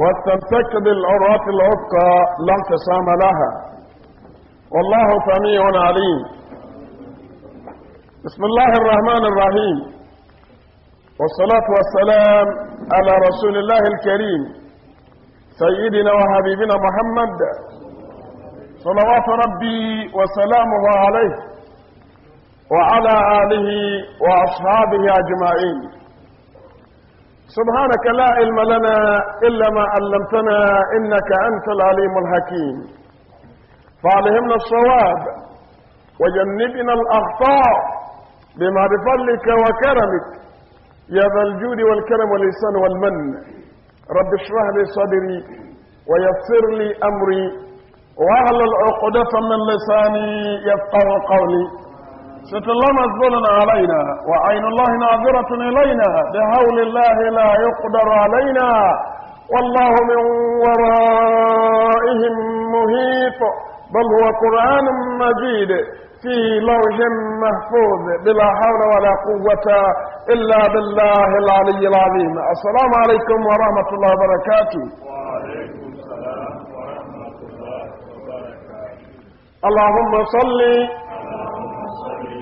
واستمسك بالعرات العتقى لا انقسام لها والله سميع عليم بسم الله الرحمن الرحيم والصلاة والسلام على رسول الله الكريم سيدنا وحبيبنا محمد صلوات ربي وسلامه عليه وعلى آله وأصحابه أجمعين سبحانك لا علم لنا إلا ما علمتنا إنك أنت العليم الحكيم فعلهمنا الصواب وجنبنا الأخطاء بما بفضلك وكرمك يا ذا الجود والكرم والإحسان والمن رب اشرح لي صدري ويسر لي أمري وأهل العقدة من لساني يفقه قولي ستلما ظلنا علينا وعين الله ناظرة إلينا بهول الله لا يقدر علينا والله من ورائهم مهيط بل هو قرآن مجيد في لوح محفوظ بلا حول ولا قوة إلا بالله العلي العظيم السلام عليكم ورحمة الله وبركاته وعليكم السلام ورحمة الله وبركاته اللهم صلِّ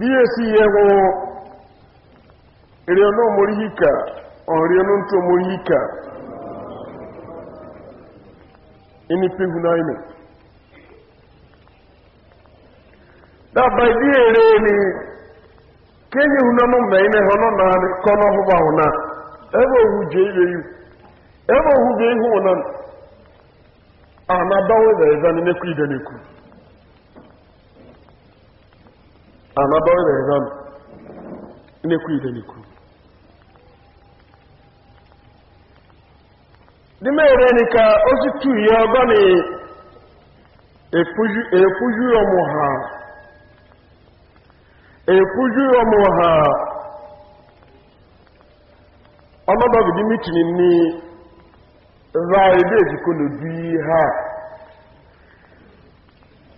díẹ̀sí ẹwọ èrè ọ̀nà òmòrí yíkà ọ̀rẹ́ ọ̀nà tó òmòrí yíkà inú pínkù náà inú dábàá ìdí èrè ni kéyìn ìhùnà mọ́ mẹ́rin ẹ̀họ́ náà kọ́nà ọ̀húbà ọ̀nà ẹbọ òhù jẹ́ ilé yìí ẹbọ òhù jẹ́ ihu ọ̀nà àmàbáwọ̀ ìdàrẹ́dá ní nẹ́kù ìdẹ́nẹ́kù amabawe beegamu nekwidaniku dimeerenika osituye ogoni epuju omuha epuju omuha ọmọdọbi dimitri ni ra ebe ejikọ lobi ha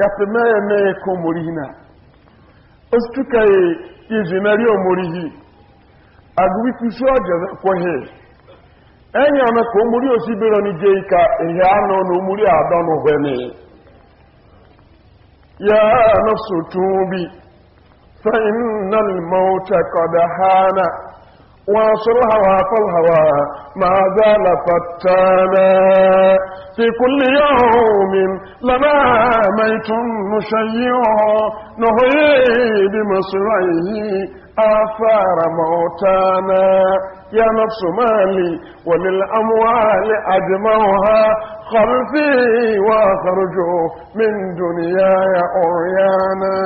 yàtìmẹ́yẹ mẹ́yẹ kó mórí hìnà ó sì túkẹ̀ ìzìnàrí ò mórí hì àgbíkú sí ọjọ́ kwẹ́hẹ̀ ẹ̀yìn ọ̀nà kó mórí ò sí bẹ̀rọ ní jẹ́ ìka ìhẹ́ àná ọ̀nà mórí àdánù wẹ́ni yà á nọ́sù bí fẹ́ mọ́ وعصى هوا فالهوى ما زال فتانا في كل يوم لما ميت نشيع نهي بمصرعه آثار موتانا يا نفس مالي وللأموال أجمعها خلفي وأخرجوا من يا أريانا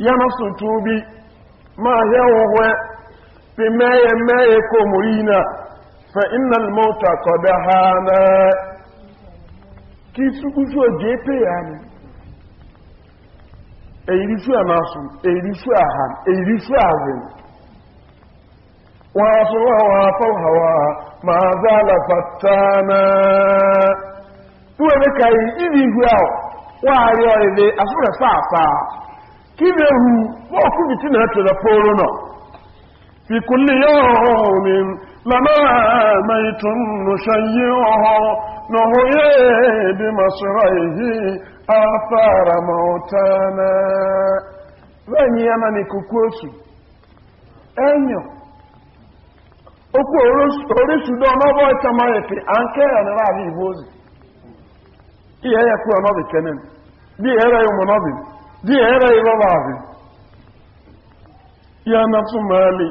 يا نفس توبي ما هي وهو في ما يما يكومينا فإن الموت قد هانا كي سكوشو جيبي يعني èyírísú àmásùn èyírísú àhàn èyírísú àzìn wọ́n aṣọ àwọn afọ́wàwà máa záàlà fàtánà tí wọ́n mẹ́ka yìí ìdí ihu àwọ̀ wọ́n àrí ọ̀rẹ́lẹ́ asúrẹ̀ fàáfàá kí lè hù في كل يوم لما ميت نشيعه نهي بمصريه آثار موتانا lẹ́yìn ẹmà ní kòkó oṣù ẹ̀yàn okú oríṣùdọ́ ọmọbọ̀ ìtàmà ẹ̀fẹ̀ à ń kẹ́ ẹ̀rọ àrí ìbóòzì ìyẹ́ ẹ̀kú ọmọbì kẹ́nìn bí ẹ̀rọ ìmọ̀nọ́bì bí ẹ̀rọ ìrọ̀bà àbì yánà tún mọ́ ẹ̀lẹ́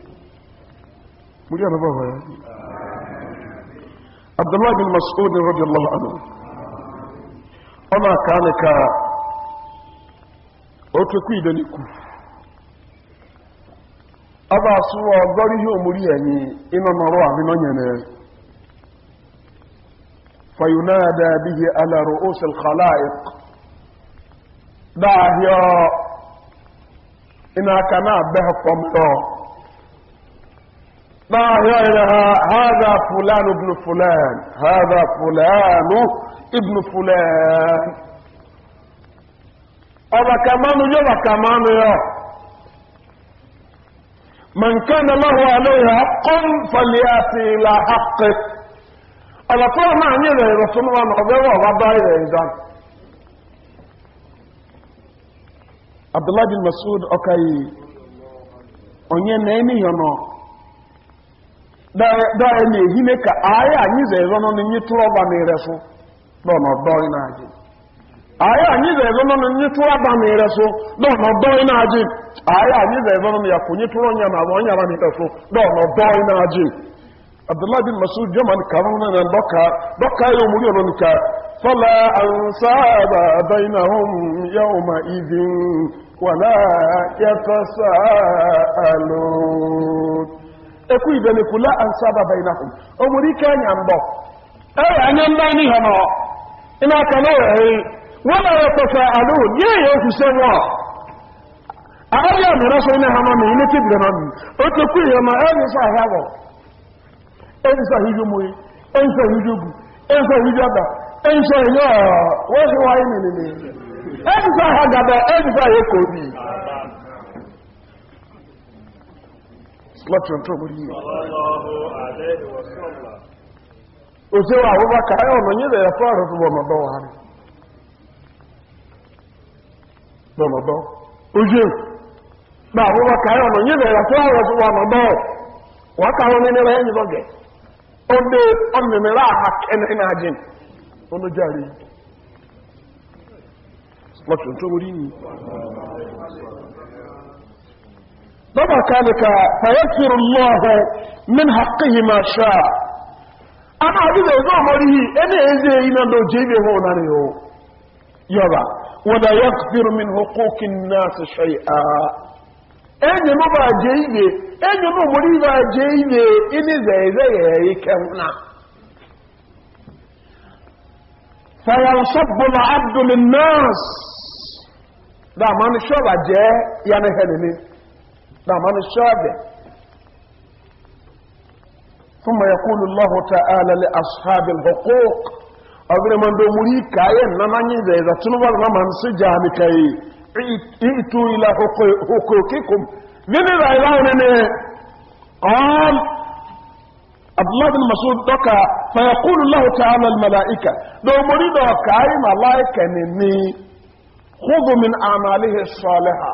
مريانا بابا يا عبد الله بن مسعود رضي الله عنه أما كانك أتكوي دنيكو أبا سوى ظره مرياني يعني إنما نروع بمنينا فينادى به على رؤوس الخلائق دعه إنها كان بها فمتو ما هو هذا فلان ابن فلان هذا فلان ابن فلان أبا كمان جوا كمان يا من كان له عليه حق فليأتي إلى حقه أبا كل ما عنده رسول الله نقضيه وغضاه إلى إنسان عبد الله بن مسعود أوكي أنيه نيني نو dɔɔ na ehi ne ka ayɛ a nyi zɛzɔ no ne nye toro ba ne yɛrɛ so dɔɔ na ɔdɔɔ na agye ayɛ a nyi zɛzɔ no ne nye toro ba ne yɛrɛ so dɔɔ na ɔdɔɔ na agye ayɛ a nyi zɛzɔ no ne yako nye toro nya na abɔ nya ba ne yɛrɛ so dɔɔ na ɔdɔɔ na agye abdullahi bin masu jama ne na na dọka. Dọka ya omuri ɔno ne ka fala ansaaba bainahum yawma idin wala yatasaalun ekwu ibe n'ekula ansaba bainahum o nwere ike anya mbọ Ee anya mbọ n'ihe nọ ịnaka na ohere wọn na wepụta alụhụ nye ya okwuse nwa ahịa mere ọsọ ime ha nọ na ileke bire nọ nụ otu ekwu ihe ma ezisa ahịa bụ ezisa ahịa ụmụ ezisa ahịa ugwu ezisa ahịa ọda ezisa ahịa wọhịwaghị mmiri ezisa ahịa gaba ezisa ahịa ka obi lọ́tún tó mú yìí òṣè wà wọ́n bá káyọ̀ ọ̀nà yìí lẹ́yìn fún àrùn fún ọmọdọ́ wa rẹ̀ ọmọdọ́ òṣè gbà wọ́n ya káyọ̀ ọ̀nà yìí lẹ́yìn na oge بابا كانك فيغفر الله من حقه ما شاء اما عبد الله مريه انا اذا انا لو جيبه هنا نيو يبا ولا يكفر من حقوق الناس شيئا أنا ما جيبه أنا ما مريه بجيبه اني زي زي كمنا فينصب العبد للناس لا ما نشوف جاء يعني هلمين نعمان الشاجع ثم يقول الله تعالى لأصحاب الحقوق أغنى من دو مريكا آية، كاين نماني إذا تنوال نمان سجاني كاي ائتوا إلى حقوقكم من إذا إلاونني قال عبد الله بن مسعود دوكا فيقول الله تعالى الملائكة دو دومري دوكاي ملائكة نني خذوا من أعماله الصالحة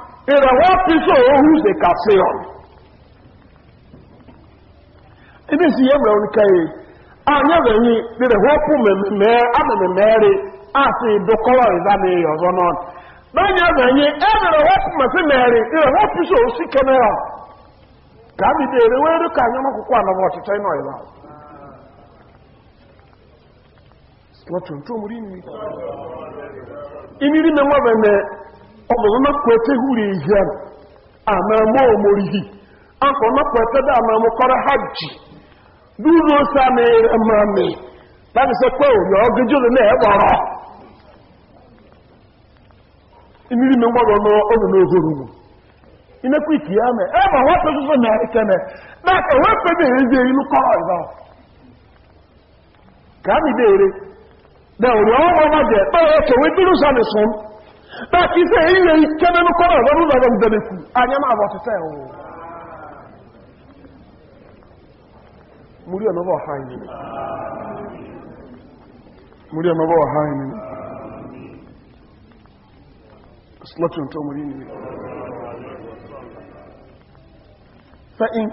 a ìrẹ̀wọ́písọ̀ oúnjẹ kàfẹ́ ọ̀ ibi sí yẹ́ mẹ́rin kẹ́yẹ anyẹ́rẹ̀yìn ìrẹ̀wọ́pù amẹ̀mẹ̀mẹ́rẹ́ àti na ìdáni ọ̀zọ́ náà lọ́nyẹ̀rẹ̀yìn ẹ̀rẹ̀wọ́pù mẹ́fẹ́mẹ́rẹ́ ìrẹ̀wọ́písọ̀ òsì kẹ́mẹ́rà kàmì dèrè wẹ́rẹ́ kàyọ́mọ́kùkọ́ àlọ́wọ́ ga náà ìlà wọ́n tuntun rí ni ìnírí mẹ́wọ́ mẹ́mẹ́ ọmọ náà kọ ẹtẹ húre ìhìá àmà mọ́ òmòrì yìí akọ náà kọ ẹtẹ dá àmà mọ́kọ́rọ́ hajj dúró sami ẹ̀mà mi láti sọ pé òyà ọgẹjọ́ lè náà ẹ̀wọ̀rọ̀ ìmírí mi wọ́n lọ ọ̀nà náà òhòrò mu iná kú ìkìyà mẹ ẹ mà wọ́n pẹ́ tuntun náà ìkẹ́mẹ náà ẹ̀wọ́n pẹ́ bẹ́ẹ̀ ń gbé inú kọ́rọ̀ ìbá kàmì dèrè dẹ̀ òyà ọmọ ọmọ jẹ pé ẹ̀ kẹ̀wé dúró sami sùn báàkì sẹ èyí rẹ̀ ìkẹ́ mẹ́nu kọ́rọ̀ lọ́rún lọ́rọ̀ ìdẹ̀mẹ̀kù àyẹ́mà àbọ̀ títẹ́ bọ̀ ọ̀há ìnìyàn múrí ọ̀nà ọ̀há ìnìyàn múrí ìnìyàn fa in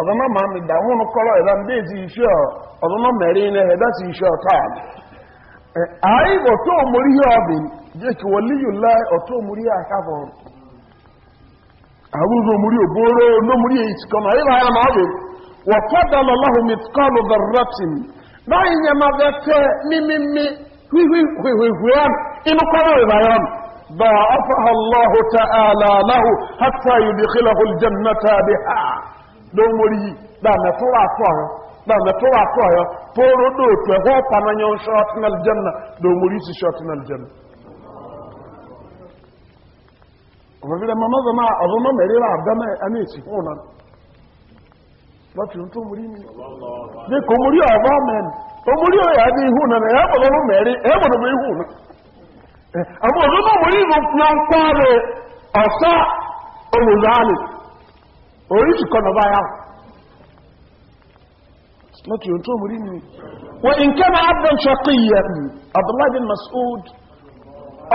ọ̀dọ́nà máa e, e mi dà hún kọ́lọ̀ ẹ̀dá ń dé sí iṣẹ́ ọ̀dọ́nà mẹ́rin ní ẹ̀dá sí iṣẹ́ ọ̀tá àì ọ̀tọ́ òmórí ọ̀bìn jẹ́ kí wọ́n líyù láì ọ̀tọ́ òmórí àkáfọ̀ àwùjọ òmórí ògbóró lómórí ìtìkọ̀nà ìlà ara máa Na wọ́n fọ́dà lọ́láhùn mi ha. don mori yi da me tora akoro da me tora akoro poro do to ho pamanyo short na aljanna do mori si short na aljanna o bi da mama zama o mama mere la da me ani si ko na ba ti to mori ni de ko mori o ba men o mori o ya bi hu na oríṣi kọ̀nà bá yá lọ́kì ohun tó múrí ní wọ ǹkẹ́ ma abdọ́n ṣọ́kíyà abdullahi mas'ud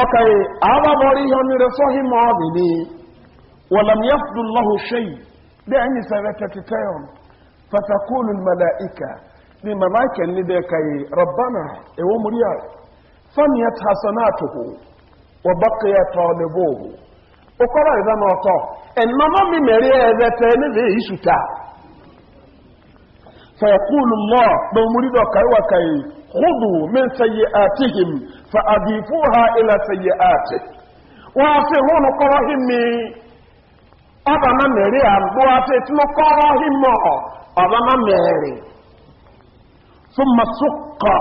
ọkàyẹ àwábọ̀rí ihe onírẹ fọ́hí ma ọ̀bì ní wọlam yafdu lọ́hù ṣeyi bí ẹni ni mamakin ni da kai rabbana ewo muriya faniyat hasanatuhu wa okọ́rọ̀ ìfẹ́ mọ̀ ọ̀tọ̀ ẹ̀nàmọ́ mi mẹ̀rẹ́ ẹ̀ẹ́dẹ́fẹ́ níbi ìṣùtà fẹ̀kúlù mọ́ ló mú rídọ̀ kàíwàkàí húdù mí sẹyẹ àtìhìm fa àdìfú ha ilẹ̀ sẹyẹ àtì wọ́n á fi hún kọ́rọ́ hìmí ọba má mẹ̀rẹ́ àgbó àti ìtumọ̀ kọ́rọ́ hìmọ̀ ọba má mẹ̀rẹ́ fún masukọ̀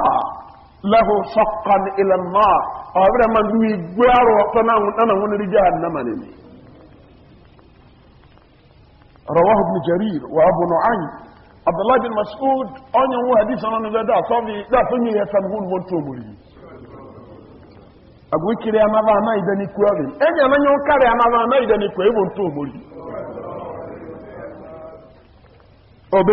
lahu saqqan ila an-nar awre man mi gwaro wakana ngana ngoni ri na ne rawahu ibn jarir wa abu nu'aym abdullah bin mas'ud onye wo hadith onan da da so bi da so ni yasan hun won to muri agwe kire amaba na idani kwari enya na nyon kare amaba na idani kwari won to muri o be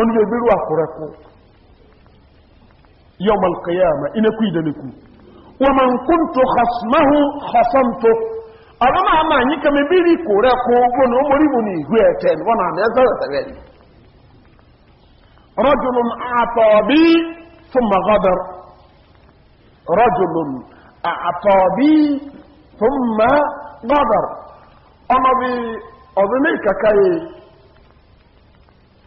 onye obiru akwụrụkwụ yọm alkiyama inekwu ideleku waman kuntu khasmahu khasamtu ọrụ ma ama anyị ka mebiri kwụrụ kwụ bụ na ụmụrụ bụ na ihu eten wọn na eze ezebeli رجل أعطى بي ثم غدر رجل أعطى بي ثم غدر أنا بي أظنيك كي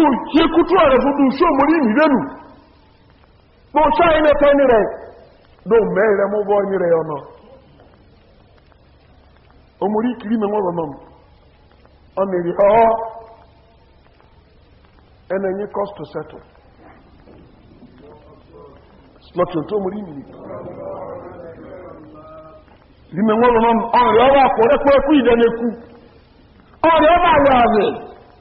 ló yẹ kútú ààrẹ fúdú sí òmòrí ìrìnlẹ́nu ló ṣáà iná tẹ́ni rẹ̀ ló mẹ́rẹ̀ mú bọ́ ní rẹ̀ ọ̀nà òmòrí kìrí mẹ́wọ́n rọ̀nà ọ̀nà ìrì ọ́ ẹnà yín cost to settle lọ́tún tó mórí ìrìn ìrìn mẹ́wọ́n rọ̀nà ọ̀rẹ́ ọba kò rẹ́pẹ́ kú ìdẹ́nẹ́kú ọ̀rẹ́ ọba àwẹ̀ àwẹ̀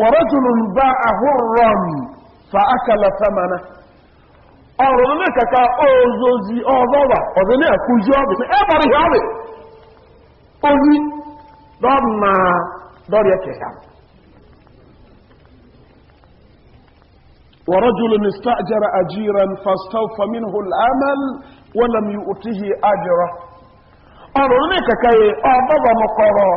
ورجل باع هرا فأكل ثمنه ọ̀rọ̀ ní kẹta ozozi ọ̀bọ̀bà ọ̀dọ̀ ní ẹ̀kújú ọ̀bẹ̀ ẹbọ̀rì ọ̀bẹ̀ orí lọ́nà lọ́rẹ̀ kẹta ورجل استأجر أجيرا فاستوفى منه العمل ولم يؤته أجره ọ̀rọ̀ ní kẹta ọ̀bọ̀بà mọ̀kọ̀rọ̀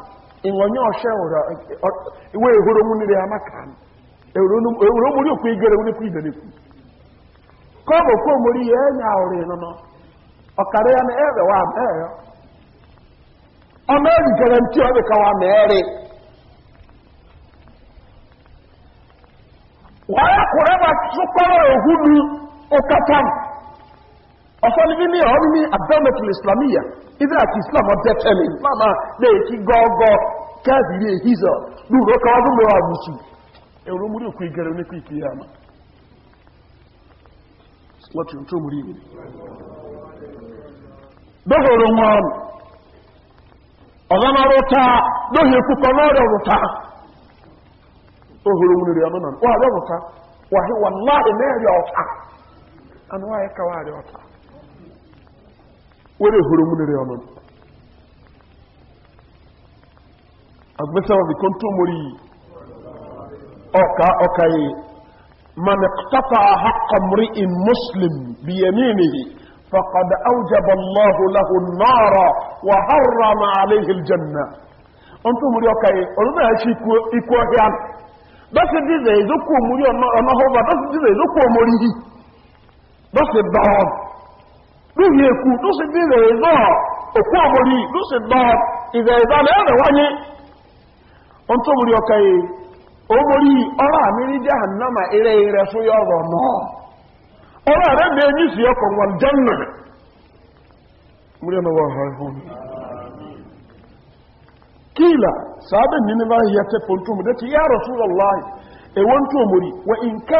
ìwọ̀nyí ọ̀ṣẹ́ ọ̀rọ̀ ìwé ìhóró mú nílé amákàn èrò mórí òkú igere wọn kú ìdẹ̀lẹ́kù kọ́ọ̀bù kó mórí yẹ ẹ̀yà ọ̀rọ̀ ìnana ọ̀kàrẹ́ ya ẹ̀rẹ̀ wà mẹ́ẹ̀rẹ́ ọmọ ẹ̀rì gẹ̀rẹ̀ ntí wà kọ̀rẹ́ ọ̀fọ́ni bí ní ọ̀rí ní abdulmatul islamiyya israel islam ọjọ́ tẹ́lẹ̀ mama lèkí gọ́ọ̀gọ́ kẹ́ẹ̀bìrì èhìzọ̀ lúrò kọwọ́dún lọ àwùsù ẹ̀rọ múrí òkú ìgẹ̀rẹ̀ oníkú ìkú yàmà wọ́n tó múrí ìwé lóhòrò wọn ọ̀zọ́mọ rúta lóhì ìkúkọ lọ́rọ̀ rúta lóhòrò wọn rẹ̀ ọmọ وليه هرمون ريانون أكبر سبب كنت مري أوكا أوكاي من اقتطع حق امرئ مسلم بيمينه فقد أوجب الله له النار وحرم عليه الجنة أنتم مري أوكاي أنا أشي إكوا كيان بس دي زي زكو مري أنا هوا بس دي زي زكو مري بس الضعام lórí èkú ló sì bí rẹ̀ náà òkú ọmọrí ló sì lọ ìrẹ̀ ìdálẹ̀ ẹ̀rẹ̀ wáyé o tó múrí ọkà yìí o mórí ọ̀rọ̀ àmì ní jẹ́ ànámà eré rẹ̀ fún yọ̀rọ̀ náà ọ̀rọ̀ rẹ̀ bẹ ní sí ọkọ̀ wọn jẹ́nà múrí ọmọ wọn ha hàn kíìlà sáábẹ̀ nínú bá yẹ tẹ́ pọ̀ tó múrí ti yá rọ̀tún lọ́láì èwọ́n tó múrí wọ ìǹkà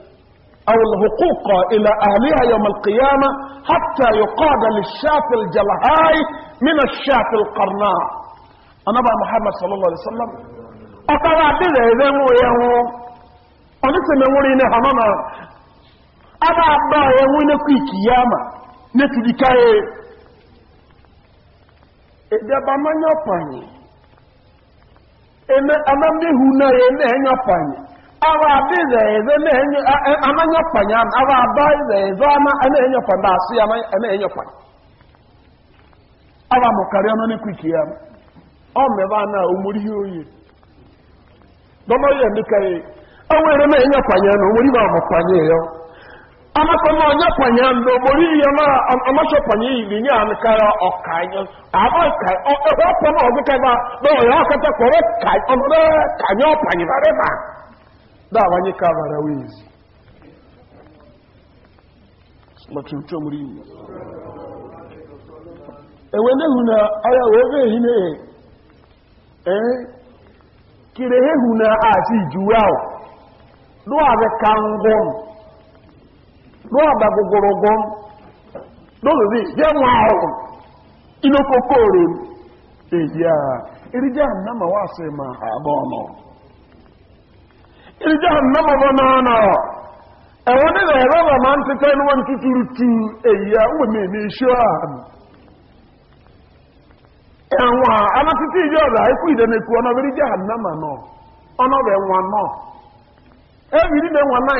أو الحقوق إلى أهلها يوم القيامة حتى يقاد للشاة الجلهاي من الشاف القرناء أنا بقى محمد صلى الله عليه وسلم أترى بذا إذا هو يهو أنت مورينا همانا أنا أبا يهو نكوي كياما نتدكاي إذا بما نعطاني أنا مهونا يهو نيوباني awa abize eze na-enye amanye ọkpanye awa aba ize ama na-enye ọkpanye ba asị ya na-enye ọkpanye awa ike ya ọ mebe a na omori ihe oyi dọba ya na omori onye kwanye ndị omori ma ọmasị ọkpanye iyi na karịa ọka anyị ka na ọgụkọ ba na ndabanyika barawizi matuntu muri iyi ewe ne huna aya wove Ee. eh kirehe huna ati juwao do ave kangon do aba gogorogon do lo bi je wao ino kokoro eya irija nama wase ma ọnụ. iri jahannama ba nana ẹ̀wọ́n nílẹ̀ ẹ̀rọ bà máa ń tẹ́tẹ́ ní wọ́n kíkiri tu èyà wọ́n mi ní iṣẹ́ àmì ẹ̀wọ̀n alátítí ìjọ ọ̀dà ikú ìdẹ́nẹ̀kú ọ̀nà bí jahannama náà ọ̀nà bẹ̀ wọn náà ẹ̀bí nílẹ̀ wọn náà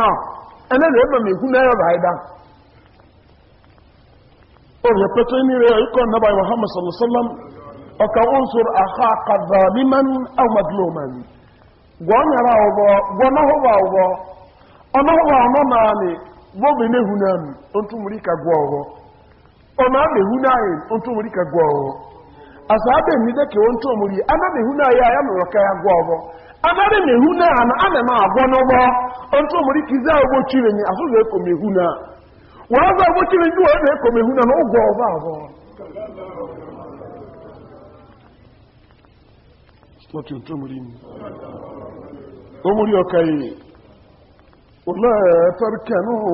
na ọ̀rọ̀ pẹ̀tọ́ ní rẹ̀ ikọ̀ nàbà muhammad sallallahu ọ̀kà ń sọ̀rọ̀ ka kàdà liman ahmadloman gwọ́nyàrá ọ̀bọ̀ gwọ́náhọ́wà ọ̀bọ̀ ọ̀náhọ́wà ọ̀nà náà ni gbọ́bì ní hu náà ni ó ka gbọ́ ọ̀rọ̀ ọ̀nà àmì hu náà yìí ó ka gbọ́ ọ̀rọ̀ àsàbẹ̀ mi dẹ́kẹ̀ ya ń tó ya anábì hu náà yà á mọ̀rọ̀ ká yà gbọ́ ọ̀rọ̀ anábì mi hu náà wàhálà bó tí mi dùn ọ́ lè kòmí hu náà ó gbọ́ ọba àbọ̀. lọ́tí tó mú rí mi ó mú rí ọkà yìí ولا تركنوا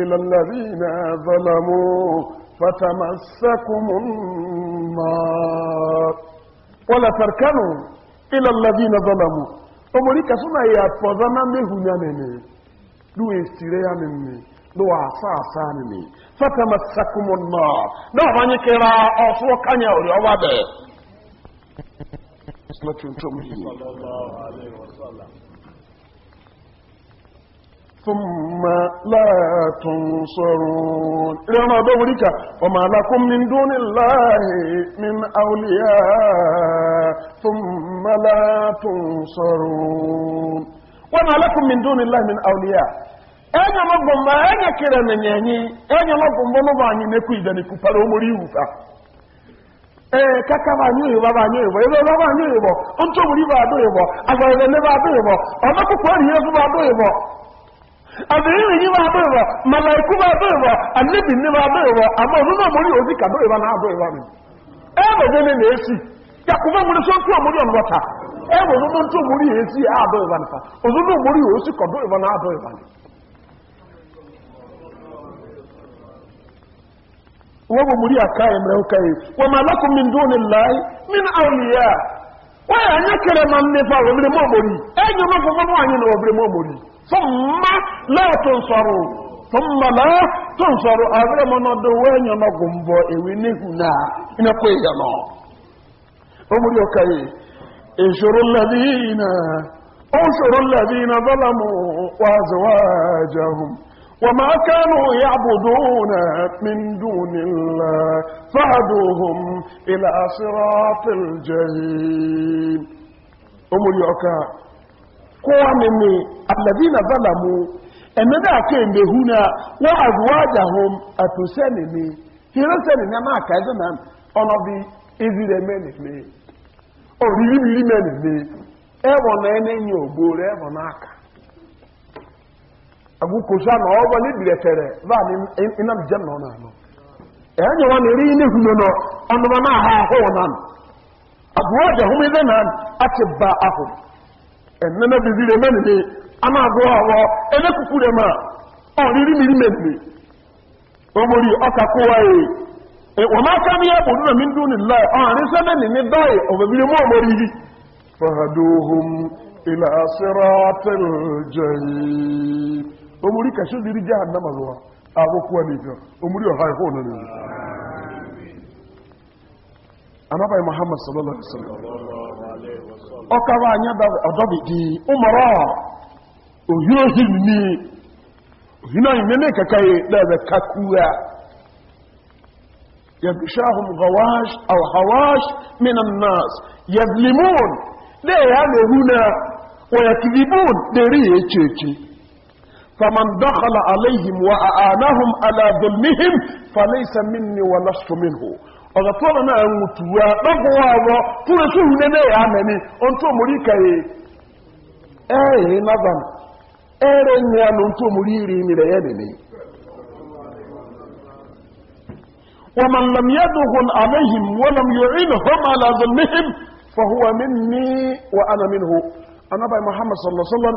إلى الذين ظلموا فتمسكم النار ولا تركنوا إلى الذين ظلموا أمريكا سنة يا فضنا مهنا مني لو استريا مني do asaasa ne ne fatama sakum na na ɔba nye kera ɔfo kanya ori ɔba bɛ ثم لا تنصرون ما دورك وما لكم من دون الله من أولياء ثم لا تنصرون وما لكم من دون الله من أولياء enyo magomba enye kere menyenyi enyo magomba no banyi nekuida nikupara omuri ufa eh kaka banyi yo babanyi yo yo babanyi yo onto muri bado ne kwari yesu malaiku muri ozi na ado yo ni ebo je ne esi yakuba muri so ntu omuri onwata esi ado yo ni fa ozo no muri ozi na wọ́n mú rí àkáyẹ̀ mẹ́rin káyẹ̀ wọ́n máa lọ́kùn mi dún ní láì mínú àwòlìyà wọ́n yà ní kẹrẹ ma ń nípa òbírí mọ́ mọ́rí ẹ̀yìn náà ní mọ́ fún ma láàtò sọ̀rọ̀ fún ma láàtò sọ̀rọ̀ àbúrẹ́ mọ́ wọ́n وما كانوا يعبدون من دون الله فهدوهم إلى صراط الجحيم أمر يوكا قوانني الذين ظلموا أننا كان هنا وأزواجهم أتسنني كيرسنني ما كذنا أنا بي إذن مني أو ريبي مني أبو نيني يوبور أبو ناكا agukosa na ọba ne biretere ba ne nam jam na ọna ano ɛyɛ nyɛ wɔn eri ne hunu no ɔnoma na aha ahorow nan agoa de home ba na bibire na ne ne ama agoa awɔ ɛna kuku ọ a ɔriri miri mɛmiri ɔmori ɔka kowa yi wɔn aka na mi dun ne lai ɔhane sɛ ne ne ne omuri kashin liri jahannama zuwa abokuwa ne fiye omuri ọha ikọ na nuna anabai muhammad sallallahu alaihi wasallam ọka anya da ọdọbi di umara oyi ohin ni ohina yi mene kakaye lẹbẹ kakuwa يبشاهم غواش أو حواش من الناس يظلمون ليه هذا هنا ويكذبون ليه يتشيكي فمن دخل عليهم وأعانهم على ظلمهم فليس مني ولست منه ọ̀rọ̀ tó ọ̀nà ẹ̀wùtùwà lọ́gbọ̀wọ́ ọ̀rọ̀ tó rẹ̀ tó hùn nẹ́nẹ́ ẹ̀yà mẹ́ni ohun tó mú ومن لم يدخل عليهم ولم يعينهم على ظلمهم فهو مني وأنا منه أنا بي محمد صلى الله عليه وسلم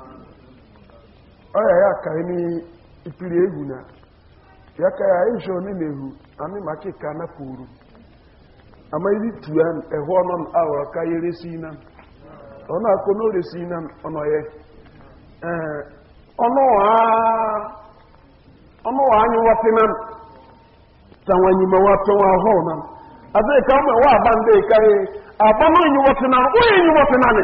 ọrịa ya karị n'ikpiri ehu na ya ka ya ịsọ onye na-ehu anyị maka ịka anapụrụ ama iri tuya ehu a ahụrụ ka ya eresi na ọ na-akụ n'oresi na ọnọ ya ọnụ Ọnụ wa anyị nwata na. watina tawanye ma wata wa hụ na adịghị ka ọ ụmụ wa aba ndị ka ya agbanụ enyi watina onye nwata na ne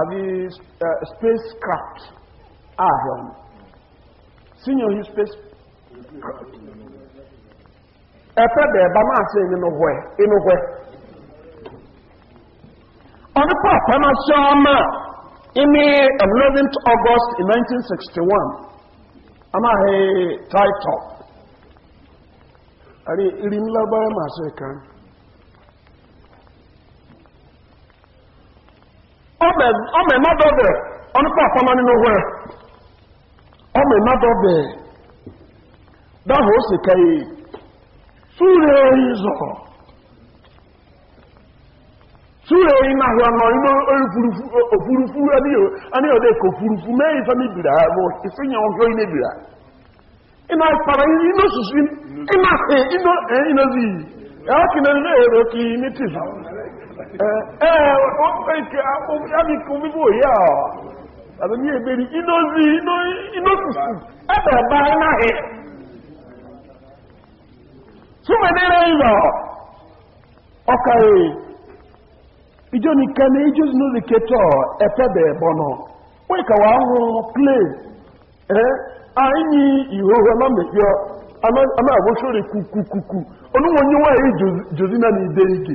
àbí spacecraft ààrùn senior yìí spacecraft ẹ̀fẹ́ bẹ̀ẹ̀ bá máa ṣe nínú họ́ ẹ̀ inú họ́ ẹ̀ ọdúnkọ̀ àpamọ́ ṣe ọmọ imi 11th august 1961 amáhẹ́ title àrí irin lágbára máa ṣe kan ọmọ ẹ̀má dọ́bẹ̀ ọ̀nùpọ̀ àpamọ́ nínú owó ẹ̀ ọmọ ẹ̀má dọ́bẹ̀ dáhùn ó sì kẹyì súre ìzọ̀ súre ìnáhùn ọ̀nà inú òfurufú ẹni òde kò furufú mẹ́yìn bìrà ọjọ́ ilé bìrà iná iná ní tìfà obibo eh, eh, ah, ya abanye eberi eh, inozi inokuku ebe ba anaghị sumenere ịlọ ọkaghị ijo nìkan ní ijo zinúzi kẹtọ ẹtẹbẹ bọnà wọn kà wà hùn play ẹ àyìnyí ìhòhò ọlọmọdé ọmọ àwòsórí kùkùkùkù onúwònyí wọn èyí jòzí náà ní ìdéríkè.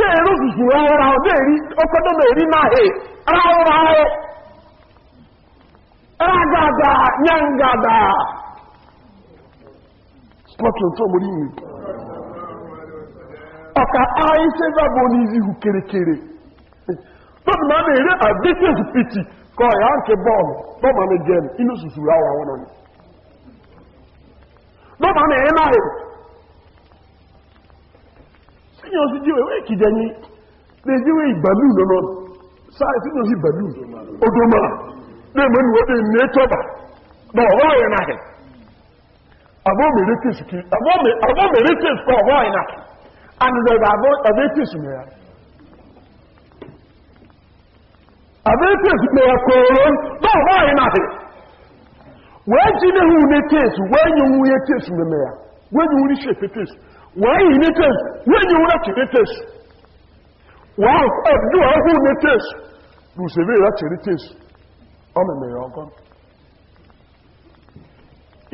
dèrò òsìsì rárá ahụ dèrí ọkọ̀dọ̀ mẹ́rí máa hè ráúráú rágàdà ahụ spọ́tù tó mú níyì ọ̀kà àìsẹ́ bàbá ní ìhù kèrèkèrè tóbi máa ere àbíkèsì pìtì ka ìyá ń ké bọ́ọ̀lù bọ́ọ̀mà mi jẹ́ inú òsìsì ráúráú náà ni bọ́ọ̀mà mi ẹ̀ ní ọ̀sí jíwẹ̀ wé kìjẹ ní lè jíwẹ̀ ìbàlú lọ́nà sáà tí ó sì bàlú odò mara lè mẹ́nu wọ́n dé ní ẹ̀tọ́bà náà ọ̀rọ̀ yẹn náà hẹ̀ abọ́ mẹ́rẹ́ tẹ̀sù kí abọ́ mẹ́rẹ́ tẹ̀sù kọ́ ọ̀rọ̀ yẹn náà ànìlẹ̀ àbọ́ ẹ̀rẹ́ tẹ̀sù mẹ́ra àbẹ́ tẹ̀sù mẹ́ra kọ̀ọ̀rọ̀ náà ọ̀rọ̀ yẹn náà hẹ̀ wẹ́ẹ́ jí ní hù ní tẹ̀sù wẹ́ẹ́ yẹn hù ní tẹ̀sù mẹ́ra wẹ́ẹ́ yẹn hù ní ṣe tẹ̀sù wàá yìí ní tẹ̀sù wọ́n yìí wọ́n láti ní tẹ̀sù wàá ẹ̀dùn àhú ní tẹ̀sù lùsèlè láti ní tẹ̀sù ọmọ mẹ́rin ọgọ́n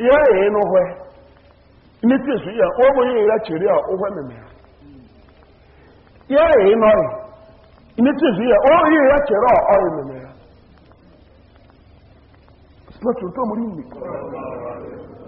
yẹ́ èyí ní hwẹ́ ní tẹ̀sù yà wọ́n yìí láti rí àhúhwẹ́ mẹ́rin yẹ́ èyí ní ọ̀rẹ́ ní tẹ̀sù yà wọ́n yìí láti rí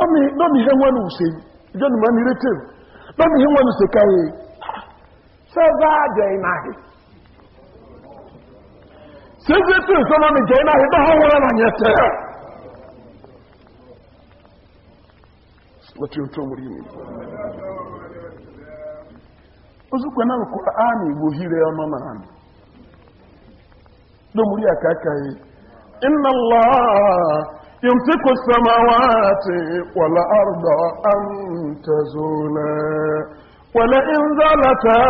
dọ́mì ihe nwere use ìjọba ìmọ̀ ní rétí dọ́mì ihe nwere use káyé sẹ́fà jẹ́ ìnáhì sẹ́fà tó ìsọ́nà mi jẹ́ ìnáhì dọ́họ́ wọ́n rẹ̀ yẹn tẹ́ lọ́tí tó na mi ozúkọ̀ náà kọ́ áàmì ìgbòhíre ọmọ màá mi lómúrí يمسك السماوات والأرض أن تزولا ولئن زالتا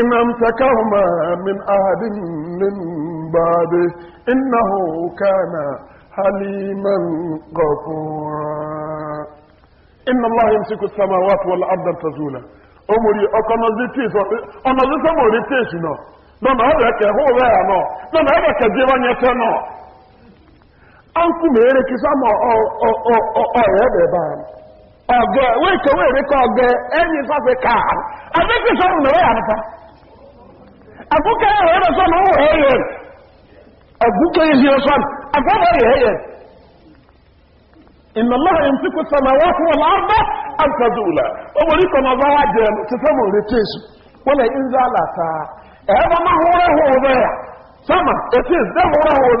إن أمسكهما من أحد من بعده إنه كان حليما غفورا إن الله يمسك السماوات والأرض أن تزولا أمري زيتي أنا لسه لا نو لا هذا كهو غير نو دون هذا كجيبان يتنو ankụ ma ma ọyọbe ebe ahụ weke wee ọga enyi ka ahụ adịghị na ọ yarịta akwụkwọ ya were sọ na ụwa eghe akwụkwọ ezi ọsọ ya o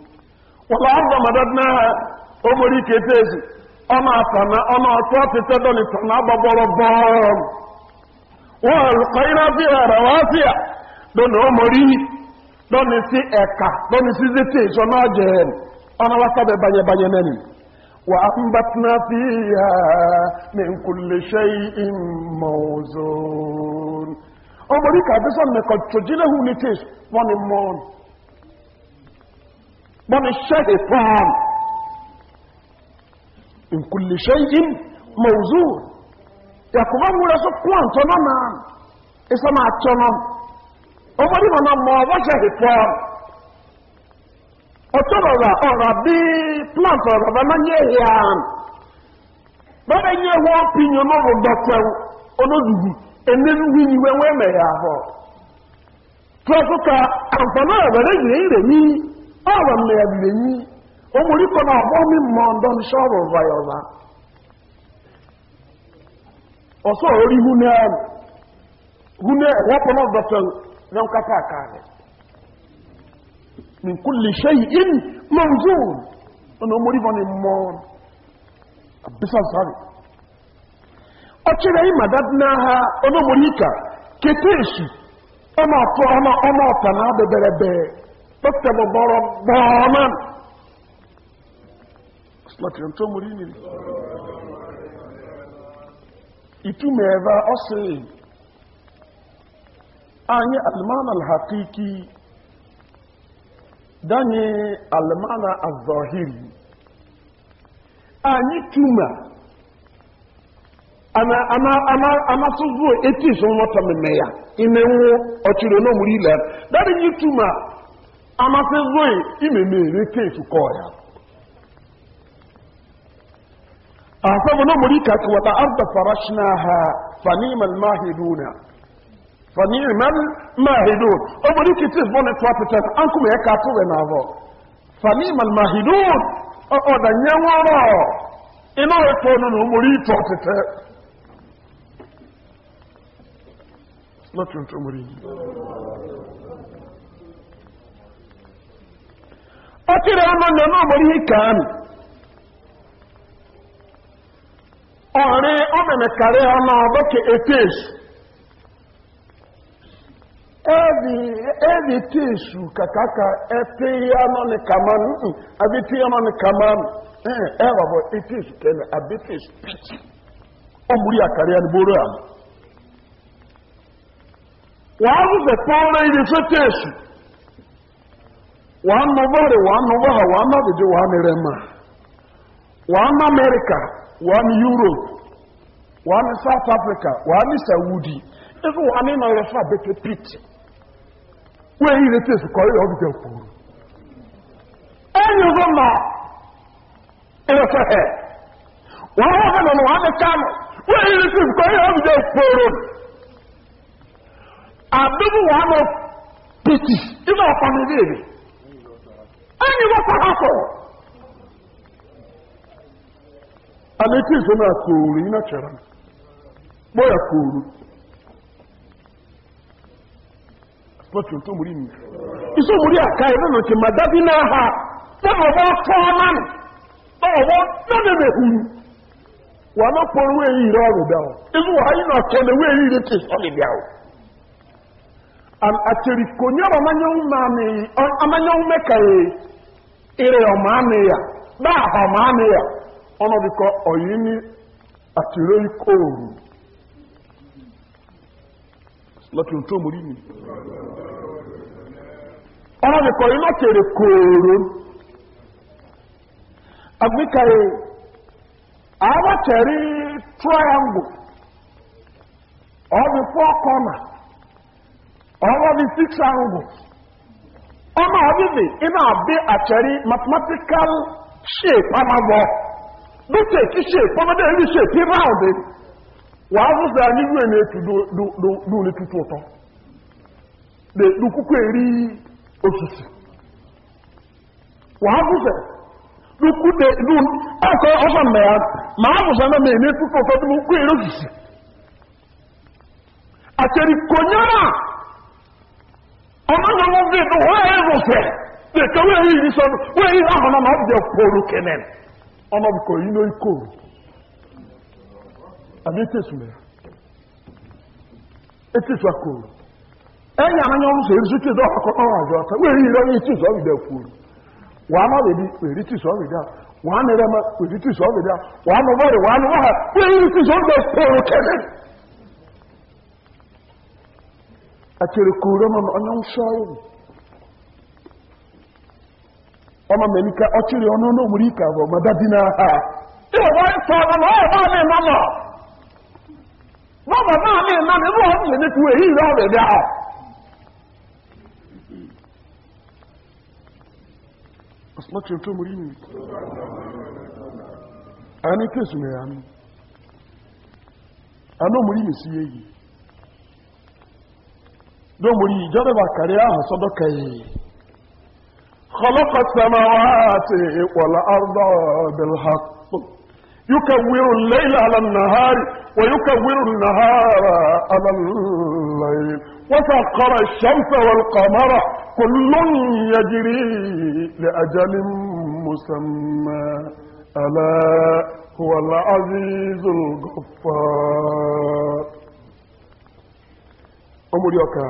Nnukwu ọgbọ mmadụ na ọmụrụ ike cha echi ọ na ata na ọ na atụ atụ site dọ na ịta na-agbagbọrọ bọọlụ. Wọlụ Kwaịna Bịara Ọhapia dị na ọmụrụ i dọọ na isi Eka dọọ na isi Zeta Echi ọ na-ajọ ịrị ọ na-alọsa ebe banye banye na enyi. Wọ ike abịa من الشيطان من كل شيء موزون يقوم أمور سكوان تنانا إسمع تنان أمري من أمو وشيطان أتنرى أرابي plant أرابي من يهيان bẹ́ẹ̀ yẹ wọ́n pinnu lọ́rùn dọ́tẹ́wò olóògùn ẹ̀mẹ́rin wí ni wẹ́wẹ́ mẹ̀yà hàn tó ẹ̀fọ́ ka àǹfààní ọ̀rẹ́ yìí rẹ̀ yìí ọba mma ya biri enyi omorikọ na ọgbọ mi mma ọdọ nṣọ ọrụ ọba ya ọba ọsọ ori hune ahụ hune wọpọ na ọdọtọ na nkata aka ahụ min kulli shay'in mawzun ona omorikọ ni mma abisa sari ọchịrị ịma dad n'agha ona omorika kete esu ọma ọtọ ọma ọta na abebere bee dɔkta bɔbɔrɔ bɔɔman ɔsilɔtiri ntɔ mu rini ri ìtumọ̀ ẹ̀fà ọ̀sẹ̀ anyi alimana alhakiki dani alimana azɔhiri anyị tuma ana ana ama ama soso eti sɔn wɔtɔ mɛmɛ ya ìmɛnwo ɔtí lónà mu rí lɛ dani yi tuma. amasị zoe imemere keefu kọọ ya asabu na muri ka wata arda farashna ha fanimal mahiduna fanimal mahidun o muri ki tis bone twa tata an kuma ya ka tuwe na abụọ fanimal mahidun o o da nyaworo ino e to no muri twa tata not to muri ọtịrị ọnụ na n'ogbori ihe ka anụ ọrị karịa ọnụ ọdọke etesu ebi tesu kaka ete anọ kamanụ mm, anọ kamanụ ẹwà eh, e bọ kene, kẹlẹ abitesu ọmụrụ ya karịa n'ugboro wàánu bọ́ọ̀lù wàánu bọ́ọ̀lù wàánu àdìdì wàánu rẹ̀mà wàánu amẹ́ríkà wàánu europe south africa wàánu saudi ẹ̀fọ́ wàánu iná rẹ̀ fà pit wọ́n èyí retí èsì kọ́ ẹ̀yọ́ ọ̀gbìn kúrú ẹ̀yìn ọ̀gbìn mà ẹ̀yọ́ fẹ́ ẹ̀ wọ́n wọ́n fẹ́ nọ̀nà wàánu kánò wọ́n èyí retí èsì kọ́ ẹ̀yọ́ ọ̀gbìn kúrú pit ìfọ̀ ọ̀pọ̀ mi anyi what will happen? And it is na cool, you know, Charan. Boy, mi. Iṣẹ́ múrí aka ebe nà ma dabi n'aha náà ha. Tẹ́lọ̀ bá fọ́ ọmọ nù. Tẹ́lọ̀ bá lọ́dẹ̀ lè hu. Wà ọrụ má pọ̀rọ̀ wé yìí na bẹ́ẹ̀ o. Iṣu akyerikonnwa amanyɔnwome kae ere ɔmaame ya ire ɔmaame ya ɔno de kɔ ɔyi ni akyere kooru lati o tó mo rí mi ɔno de ọwọ́ bí six angles ọmọ àbíbì iná àbí àtẹ̀rí mathematical shape amabọ̀ lókè kí shape ọmọdé rí shape round wà á fúnṣe àníwú ẹni ètù lóòrè tútù ọ̀tọ́ lùkúkú èrí òṣìṣì wà á fúnṣe lùkú ẹ̀kọ́ ọ̀sán na màá fúnṣe náà mẹ́rin tútù ọ̀tọ́ lùkú èrí ọmọdé wọn bí ẹ̀dọ̀ wọ́n ẹ̀ lọ sẹ̀ lẹ́kẹ̀ wọ́n èyí sọ wọ́n èyí ahọ́nà náà ọ̀bẹ̀ kóoru kẹ́nẹ̀ ọmọ bí kò yín lórí kóoru àbí ètò ìsúnmẹ̀ ètò ìsúnmẹ̀ kóoru ẹ̀yìn àwọn ọmọ sọ èrìsú tìsọ ọkọ̀ náà àjọ ọ̀tọ̀ wọ́n èyí lọ́yìn ètò ìsọ̀ ọ̀bẹ̀ kóoru wàá má lè di èrí tìsọ ọ̀bẹ̀ dá wàá nìrẹ́mọ èrí tìsọ ọ̀bẹ̀ akyere kuro ma ma ɔnyɛ nsɔre mu ɔma mɛnika ɔkyere ɔno na ɔmuri ka hɔ ma dadi na ha ɛwɔ wɔn sɔ ɔma na ɔyɛ baa mi ma mɔ bɔbɔ baa mi ma mi ɛwɔ ɔmo yɛn tu eyi yɛ ɔbɛ bi ahɔ ɔsoma kyerɛ to ɔmuri mi ani kesu mi ano ano ɔmuri mi si yɛ yi. دومري جربا كرياها صدقي خلق السماوات والأرض بالحق يكور الليل على النهار ويكور النهار على الليل وسخر الشمس والقمر كل يجري لأجل مسمى ألا هو العزيز الغفار أمور يوكا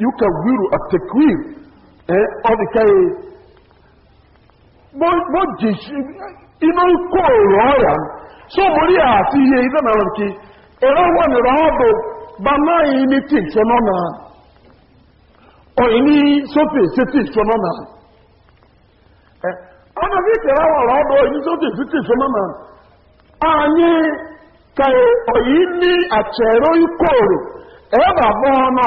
يكوّر ọdị ka jesu so mori a ti ihe ihe na ọrọ nke ẹrọ wọn ni rọọdụ bana yi ni nọ na ọyìn ní sọfì ṣe nọ na ọdọ fi kẹrẹ ọrụ rọọdụ ọyìn sọfì nọ na anyị ka ọyìn ní ebe abụọ na.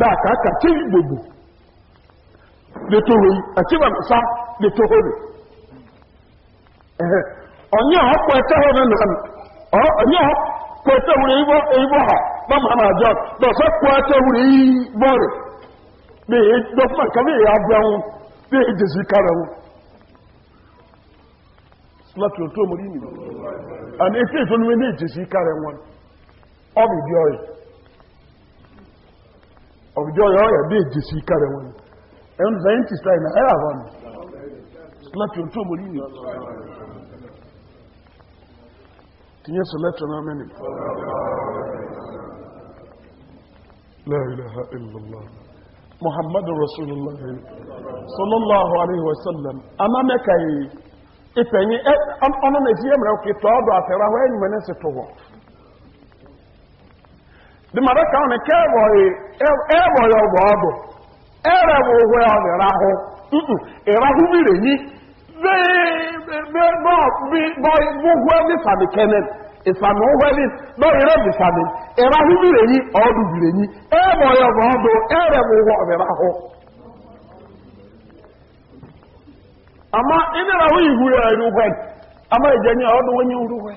dáàkà kàtí gbogbo lẹ́tọ̀rọ̀ yìí àti wà nìfà lẹ́tọ̀rọ̀ rẹ̀ ọ̀nyẹ́ ọ̀pọ̀ ẹ̀tẹ́họ̀ rẹ̀ nìkan ọ̀nyẹ́ ọ̀pọ̀ ẹ̀tẹ́họ̀ rẹ̀ ìbọ̀ hà bàmà àjọ lọ́sẹ̀ pọ̀ ẹ̀tẹ́họ̀ rẹ̀ ìbọ̀ rẹ̀ bí i wọn wọn. sùlọ́tì ọ̀tọ́ ọjọ́ yọ ọ̀yà bí èjì sí ikẹ́ rẹ̀ wọ́n ẹ̀rùn scientist láì náà ẹ̀yà wọn láti ohun tó mọ̀ ní ìyẹn tìyẹ́ sọlẹ́tọ̀ náà mẹ́rin láìláha ìlúlá muhammadu rasulullah sallallahu alaihi wasallam ama mẹ́ka yìí ìpẹ̀yìn ọmọ mẹ́sí ẹ̀mẹ́rẹ́ kìtọ́ ọdọ̀ àfẹ́rẹ́ ahọ́ ẹ̀yìn mẹ́rin sì tọ̀wọ̀ dị mara ka ọnụ ka ewere ọgwụ ọdụ ere bụ ụgwọ ya ọ rahụ ịrahụ mmiri yi gbogbo ndị sami kenen ìsàmì ọwọ́ ẹni lọ́rẹ̀rẹ̀ ìsàmì ẹ̀rọ ahúbìrẹ̀ yìí ọdúnbìrẹ̀ yìí ẹ̀mọ̀ ọ̀yọ̀bọ̀ ọdún ẹ̀rẹ̀ wọ̀wọ̀ ọ̀bẹ̀rẹ̀ ahọ́ àmá ìnira wọ́n ìhúrẹ̀ ẹ̀rú wẹ̀ àmá ìjẹ́ ní ọdún wọ́n ní orú wẹ̀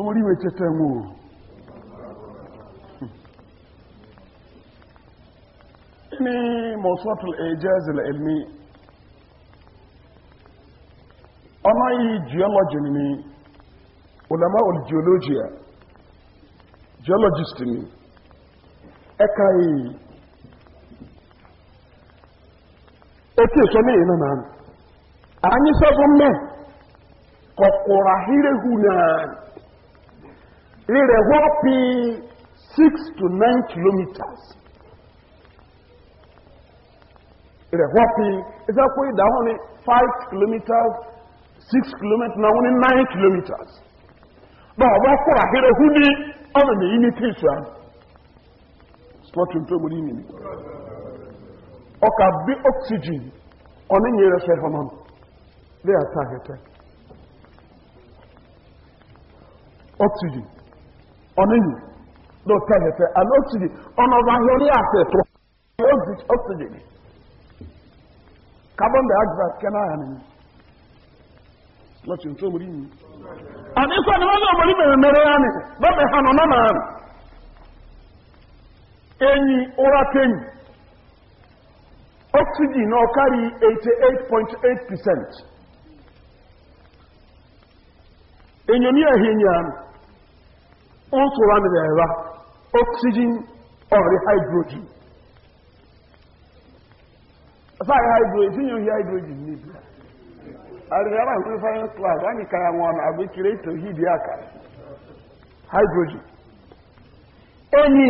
omori wee cheta enwe ni mawsuatul ijaz al ilmi ana yi geology ni ulama ul ni eka yi eke so ni ina na anyi na rírẹ̀ wọ́ bí six to nine kilometers rẹ̀ wọ́ bí ẹ̀sẹ̀ kó ìdáhùn ní five kilometers six kilometers náà wọ́n ní nine kilometers báwo bá kóra hẹ́rẹ́ hu ní ọmọ mi yìí ní tí ìṣúra slọ́tù tó gbé yìí nìyí ọkà bí oxygen ọ̀nà yẹn rẹ̀ fẹ́ hàn bí ata hẹ́tẹ́ oxygen. ọ̀nà yìí ló tẹ̀hẹ̀tẹ̀ àná òtìdì ọ̀nà ọba yọrí àtẹ̀ tó oxygen carbon dioxide kẹ́nà àyà nìyí lọ́tì tó mú rí yìí. àní sọ ni mere náà mọ̀ ní mẹ̀rẹ̀ mẹ̀rẹ̀ yá ni bẹ́ẹ̀ hàn ọ̀nà oxygen eighty eight point eight percent ènìyàn ní ẹ̀hìn otu ụra na-ewe oxygen ọrị hydrogen ọsaghi hydrogen tinye ohi hydrogen n'ibi arịrịa ahụ nwere fayọ klas anyị hear hydrogen enyi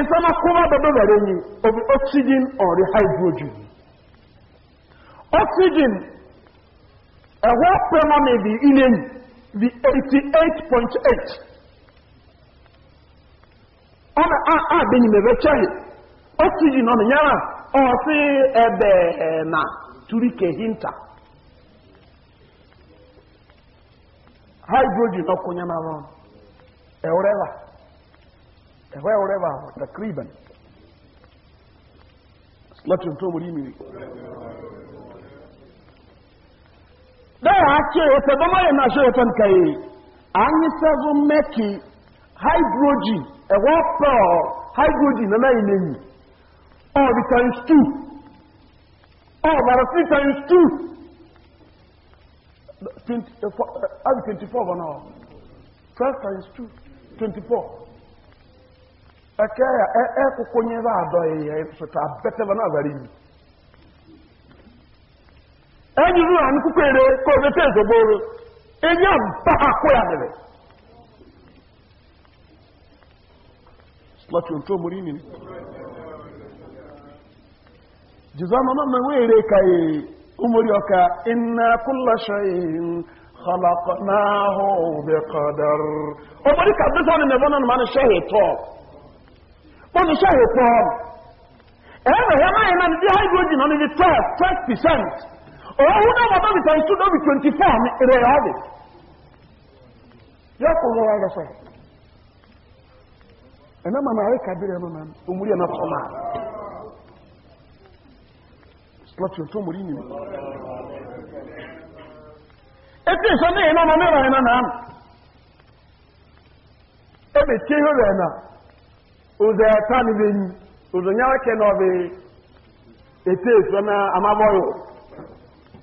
ịsana kwụwa dabebara enyi obi oxygen ọrị hydrogen oxygen na-ebi ilé the 88.8 ọ na abịa n'ime vechaghị oxygen ọ na-enyere ọsị ebe e, na turike hinta hydrogen ọkụnye na rọn eureva ehwe eureva takriban slotin to muri miri bẹ́ẹ̀ á ṣe ètò bọ́mọ́ yẹn máa ṣe ètò nǹkan yìí à ń sẹ́gun mẹ́kì háídírójì ẹ̀wọ́ na háídírójì mẹ́mẹ́ yìí lẹ́yìn ọ̀bì times two ọ̀bàrà three times two ọ̀bì 24 uh, four uh, na náà twelve times two 24. eke ẹ̀kẹ́ e ẹ̀ kókó yẹn bá a dọ̀ ya ẹ̀ sọ̀tà abẹ́tẹ̀ bọ̀ náà bẹ̀rẹ̀ yìí. ẹni rú àní kúkú èrè kó omi tẹ́ ìṣògbó oru ẹni àbá àkóyà bẹ̀rẹ̀ láti òtú omori ní jùzọ́ mọ́mọ́ mẹ́wọ́ èrè kàyè umori ọka iná kúlọ̀ ṣẹ́yìn kọlọ̀kọ̀náhù bẹ̀ kọ̀dọ̀r omori kàbísọ́ ni mẹ́fọ́nà ni máa ń ṣẹ́yìn tọ́ wọ́n tọ́ ẹ̀rọ ẹ̀rọ ẹ̀rọ ẹ̀rọ ẹ̀rọ ẹ̀rọ ẹ̀rọ ẹ̀rọ ẹ̀rọ ẹ̀rọ ẹ̀rọ ẹ̀rọ ẹ̀rọ ẹ̀rọ òun náà bàbá mi tàn tún lóbi twenty four rẹ̀ ọ́dẹ̀ yóò kó wọ́n rẹ̀ fẹ́ ẹ̀nà màmá ayé kàbírẹ̀ màmá òmùrí ẹ̀nà kọ́ máa lọ́tí ọ̀tọ́ òmùrí nìyí. ní ìná ọmọ ẹ̀nà náà ebe tí ihu rẹ̀ nà òzò ẹ̀ta níbi ẹ̀yìn òzò nyáwó kẹ́ nà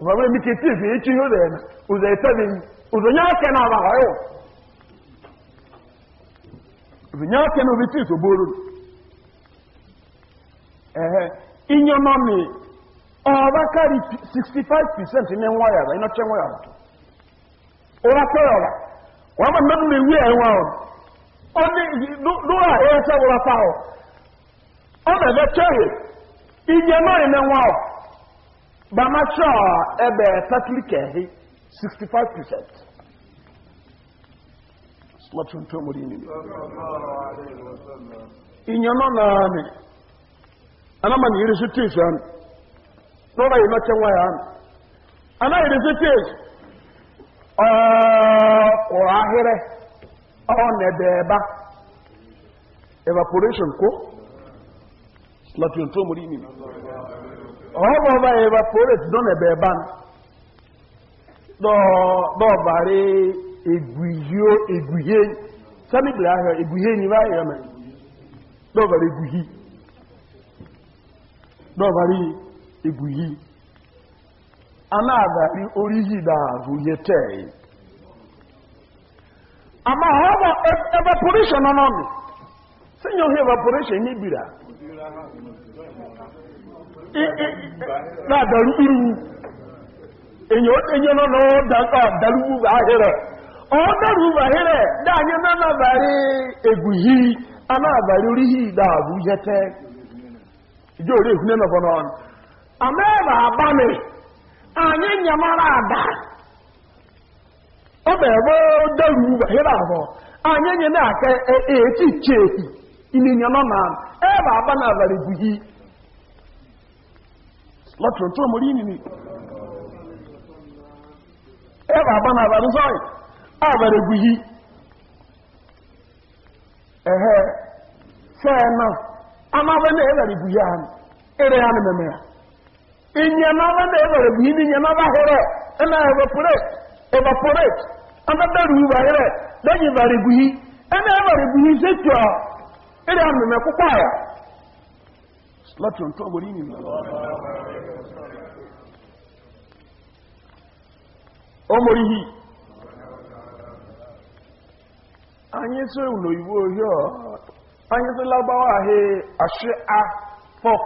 ọ̀bàbá mi tètè fi ekyi hó dẹ̀ ẹ̀ ọ̀dọ̀ ẹ̀sẹ̀ mi ọ̀dọ̀nyá akẹ́ náà wà ọ̀yọ̀ ọ̀dọ̀nyá akẹ́ náà omi tí ìsò bóró ẹ̀hẹ́ ìyọ́nà mi ọ̀bá kárí sixty percent ní ẹ̀wọ̀n ayàrá iná tẹ́ ẹ̀wọ̀n ayàrá tó ọ̀rá pẹ́ ọ̀rá wọ́n bá mẹ́rin mi wí ẹ̀wọ̀n ọ̀ ọ̀dẹ̀ lóra ẹ̀yẹ sẹ́wọ̀n ọ̀rá pa ọ̀ ọ̀dẹ̀ bẹ́ tẹ́rẹ̀ ìyẹn bamakyɛ a ɛbɛ sixty five percent lɔtuntum ri nini ìyànnà anyị na anama ni irisi tíì sàn lọ́wọ́ yìí lọ́tẹ̀ wáyà evaporation kó nini. ọ̀họ́bọ̀ ọba evaporate dọ́nà ẹ̀bẹ̀ ẹ̀bá dọ́ọ̀bàrí egwuhie sẹ́mìbìrì ahịa egwuhie ni báyìí ọmọ dọ́ọ̀bàrí egwuhie dọ́ọ̀bàrí egwuhie anáàbàrí oríhì dààzù yẹ tẹ́ẹ̀ àmà ọ̀họ́bọ̀ evaporation nọ mi sẹ́yìn ọ̀họ́ evaporation na-adarukpuru enyo enyo nọ n'ọdaka darubu ahịrị ọdarubu ahịrị danye na anabarị egwuhi anabarị orihi da abụ ihe te ije ori ehune nọ bọnọ ameba abami anyị nyamara ada ọ bụ ebe darubu ahịrị abụọ anyị nye na-aka eti e, cheeti ịnyịnya nọ na ebe abana abalị egwuhi lọ́tọ̀ tó mọ̀rí nìní ẹ̀rọ àbánà àbàrí sọ́rì àbẹ̀rẹ̀ gùyí ẹ̀hẹ́ sẹ́ẹ̀nà anábẹ́nà ẹ̀rẹ̀ gùyí àmì ẹ̀rẹ̀ àmì mẹ́mẹ́ra ìyẹnàbẹ́nà ẹ̀rẹ̀ gùyí ní ìyẹnàbà hẹrẹ̀ ẹ̀nà ẹ̀rẹ̀ láti ọ̀ntọ́ ọmọ yìí nìyàn ọmọ yìí anyị so ụlọ iwu ohio anyị so labawa ahụ ashe a fọk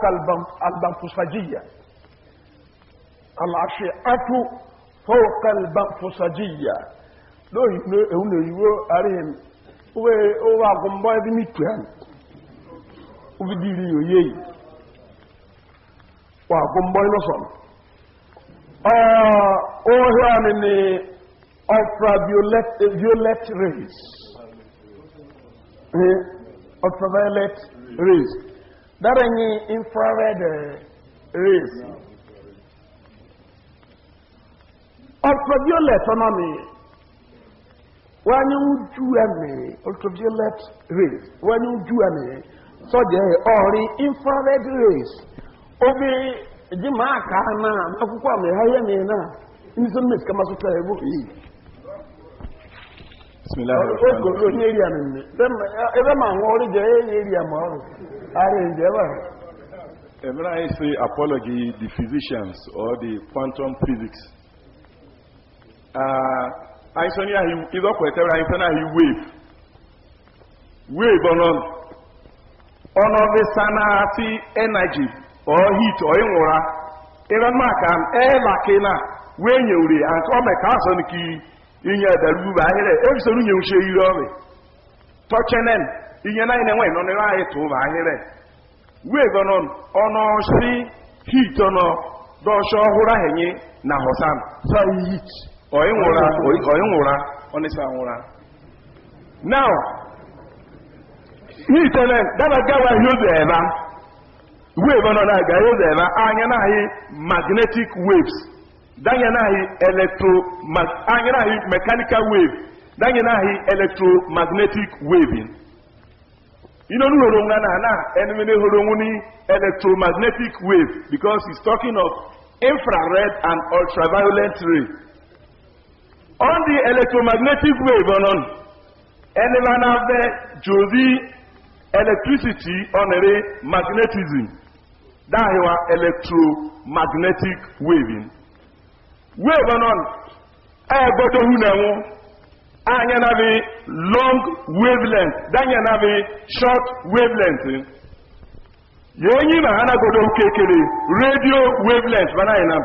albamfusajiya alashe atụ fọk albamfusajiya lóyìn ụlọ iwu arịhịm ụwa agwụmbọ ebe mitu ha ubidiri oyeyi wà gúnbọ́ inú sọ̀rọ̀ ọ̀hún àmì ni ultraviolet rays ultraviolet rays dára ni infrared uh, rays ultraviolet ọ̀nà mi wọ́n ní ojú ẹ̀mí ultraviolet rays wọ́n ní ojú ẹ̀mí sọ́jẹ́ ọ̀rin infrared rays. obi ji ma aka na akwụkwọ eh, a ha ihe na ndị ya iyi oge onye ma nwa ma I say apology, the physicians or the quantum physics. Ah, I saw near he's up with every he wave. Wave on on. On ọ heat or ịnwụra ka e maka ịlakịna wee nyewure ya nke ọmị ka asọ nke inye eberu uru ahịrị ebisoro nye uche iri ọmị tọchenen inye na anyị na-enwe nọ n'ire anyị tụ ụba ahịrị wee gọnọ ọnụ si heat ọnọ dọsha ọhụrụ ahịnye na hosan so heat or ịnwụra or ịnwụra ọnịsa nwụra now heat enen dara gawa hiozụ ebe wave nọ na ga eze anya naghị magnetic waves danye naghị electro anya naghị mechanical wave danye naghị electromagnetic waving inonu horo nwa na na enemene horo nwuni electromagnetic wave because he's talking of infrared and ultraviolet ray on the electromagnetic wave onon enema na jozi electricity onere magnetism dahiwa electromagnetic waving wave nọ ebodohu na-enwu anya na bi long wavelength danya na bi short wavelength ya enyi na anagodo kekere radio wavelength na ina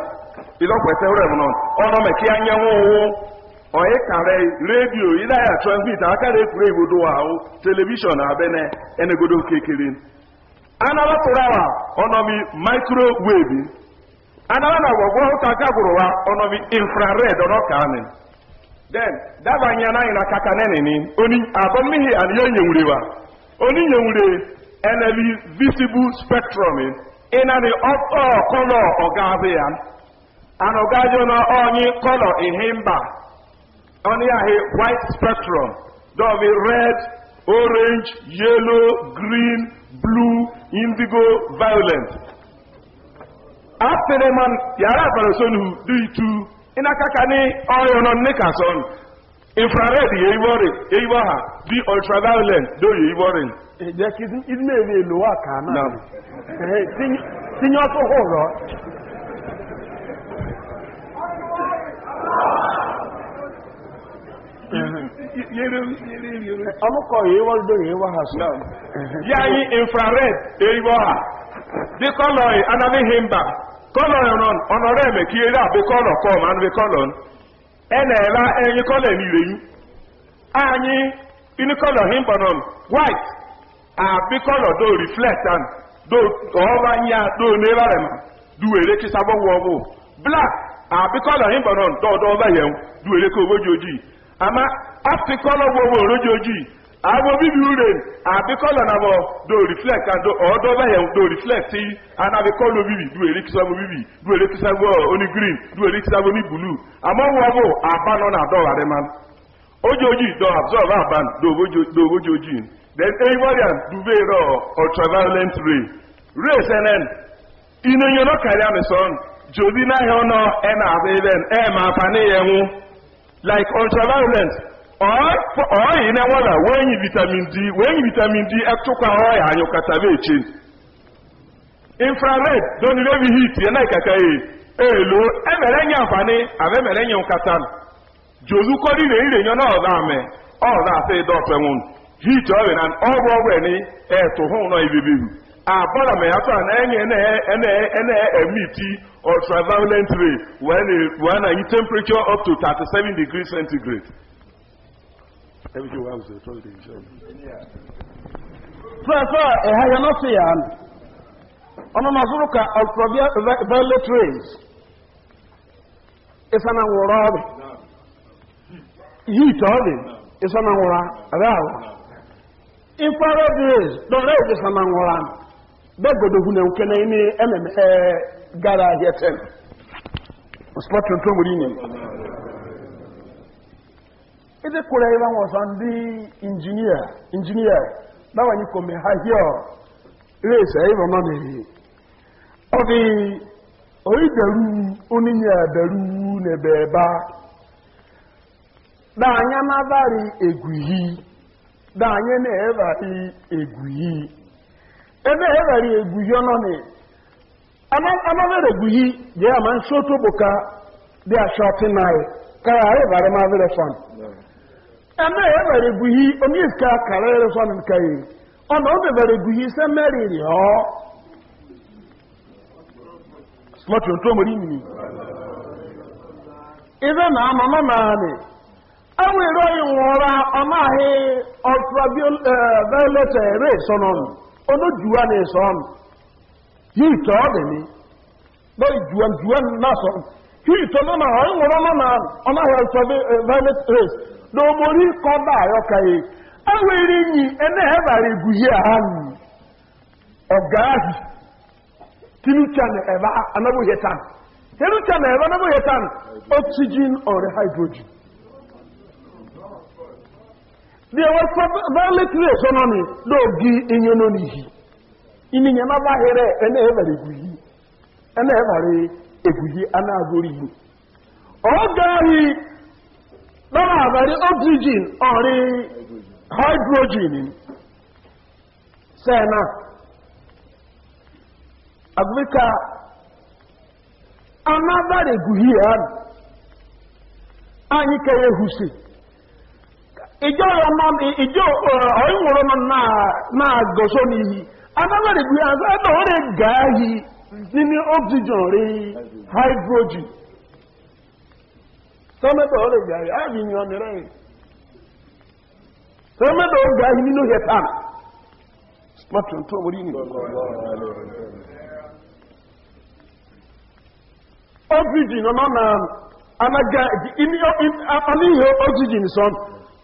ilọkwete rev nọ ọnọ oh, meki anya nwụwụ onye oh, eh, kare redio ile ya transmit aka na ekwuru igbodo ahụ telivishọn abene enegodo kekele. anaba tụrụ awa ọnọmi microwave anaba na gwọgwọ ụka ka gwụrụ wa ọnọmi infrared ọnọka amị anaghị na kaka nenini oni abọ mmiri anyị enyenwure wa oni nyenwure enebi visible spectrum ịnanị ọkọ kọlọ ọgaazị ya onye kọlọ ihe mba white spectrum red orange yellow green blue indigo violent. afere man yàrá àbàrẹ̀sọ́nù dìtú iná kaka ní ọ̀rọ̀ náà ní kàṣọ́n infrared yẹ ìwọ́ rẹ̀ yẹ ìwọ́ ha bí ultraviolet dó yẹ ìwọ́ rẹ̀. ẹ̀jẹ̀ kí ilé ìwé èlò wà kà náà tíyán tó hò ọmụkọ ya ịwọdo ya ịwọ ha so ya yi infrared eriwo ha dị kọlọ anaghị mba kọlọ nọ ọnọrọ eme ka ere abụ kọlọ kọm anụ kọlọ e na-ere enyi kọlọ n'ire yi anyị ini kọlọ himba nọ white abụ kọlọ do reflect and do ọba nya do n'ere duwere kịsa bọwọ bụ black abụ kọlọ himba nọ dọdọ ọba ya duwere ka ogboji ojii ama afikọlọ gbogbo orojoji abo bibi ure abikọlọ na bọ do reflect and do ọdọ bẹyẹ do reflect yi anabikọlọ bibi du eri kisabo bibi du eri kisabo oni green du eri kisabo ni blue ama wọ bọ abanọ na dọwọ adị man ojoji dọ absorb aban do ogojoji then everybody dube rọ ultraviolet ray ray sẹnẹn inonyo nọ karịa mesọn jodi n'ahịa ọnọ ẹ e na-abịa ebe ẹ e ma apa na like ultraviolet ọyị na-enwela wee nyi vitamin d wee nyi vitamin d atụkwa ọyị anyị ụkataba eche infrared donyere bi hit ya na ikaka ye elo emere nye amfani abe emere nye nkata jozu kọrị na ire nye n'ọza ame ọza asị dọfenwụ hit ọbịa na ọbụ ọbụ eni etu hụ nọ ibibibu abọ́là mẹ́yàtọ̀ àná ẹ̀yẹ ẹ̀mìtì ultraviolet ray wọ́n na yí temperature up to thirty seven degree centigrade. Fẹ́fẹ́ ẹ̀ha yẹn náà sì yà á nù. Ọmọ náà sọ̀rọ̀ ka ultraviolet rays ìsànà na ọ̀bẹ. Yìí tọ́ ọ̀bẹ ìsànà wòrọ̀ ọ̀bẹ àwọn. Infrared rays dọ̀rẹ́ òbí ìsànà wòrọ̀ ọ̀bẹ. na hùn na náà ní mm gara ahịa ten ọ̀sọ̀pọ̀tì tó mú rí ní ẹ̀dẹ́ kúrẹ̀ ẹ̀rọ ndị injinia injinia báwọn yìí kò mẹ́ ha híọ̀ rẹ̀ẹ̀sẹ̀ ẹ̀rọ náà nìyí na orídẹ̀rú oníyà dẹ̀rú ebe a. dáanyá anya na rí egwu yìí dáanyá anya na egwu ebe ha ghara eguhi ọnọ na amavere guhi je ama nsi otu bụ dị ashọpin na ka ya anyị bara ma vere fan ebe ha ghara eguhi onye ka kara ere fan nke ya ọ na oge ghara eguhi se meriri ọ smọtụ otu omori mmiri ibe na anọ nọ naanị awere onye nwụọra ọ naghị ultraviolet ray sonọnụ onójúwa ní ìsọ́ọ̀nù yìí tọ́ ọ̀dẹ̀ ni lọ́yìn juwanjuwa náà sọ̀rọ̀ yìí tọ́ náà náà ọ̀yìn wọ́n náà náà ọmọ àwọn ìtọ́ bí violet race ní orí kọ́ bá àyọ́ka yìí ẹwẹ́ eré yìí ẹnẹ́ ẹ̀bàrẹ̀ egwu yìí àhánù ọ̀gá ahì tinucha na ẹ̀bá anábóyẹtan tinucha na ẹ̀bá oxygen or hydrogen dị ewefọ vaịletị eso nọ n'ogi enyo nọ n'ihi ịnịnya na bahịrị ena-ebara egwuhi ena-ebara egwuhi a na-agụrụ igbo oge ahị dọrọ abalị oxygen ọrị hydrogen sena agụbịka a na-abara egwuhi ya anyị ka ya ehusi ìjọ ọmọ mi ìjọ ọ̀yìnwòrò náà náà gọ̀ṣọ́ ni yìí anáwẹ̀rẹ̀ bí ebe ẹ̀dọ̀ orí gáàyì nínú oxygen rí hydrogen tọ́mẹ́tọ̀ orí gáàyì áàbì yìí ọmọ rẹ̀ tọ́mẹ́tọ̀ orí gáàyì nínú hetan smartphone tó orí ni oxygen ọmọ náà anaga oxygen sọ́nù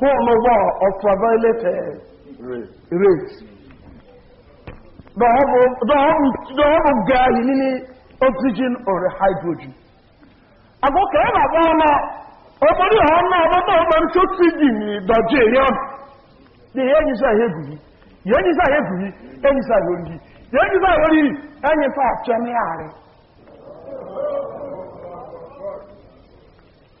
home war of prevailing rate. Dọ̀ọ́bù gaali níní oxygen or hydrogen. Àgbọ̀kẹ́ ẹ̀ bàbá ọmọ ọmọdé ọ̀hún náà ọmọdé ọmọ tó ti dì ní ìdọ̀jẹ́ èèyàn. Ní èyí ẹ̀yìn sáà yẹ́ gùn yìí, yẹ́ ẹ̀yìn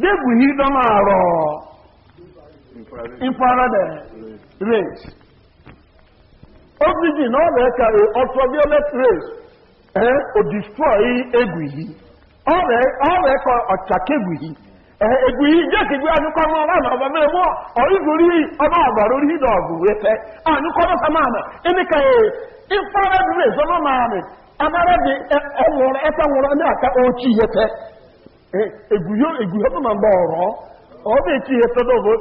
They will hear them are rays. Oxygen all that can ultraviolet rays eh, or destroy egwihi. All that all that can attack egwihi. Egwihi jẹ́ kí gbé anukọ mọ na náà ọba mẹ́rin mọ́ ọ̀rígorí ọba e infrared rays eguyo eguyo bụ na mgbe ọrọ ọ na ti rọ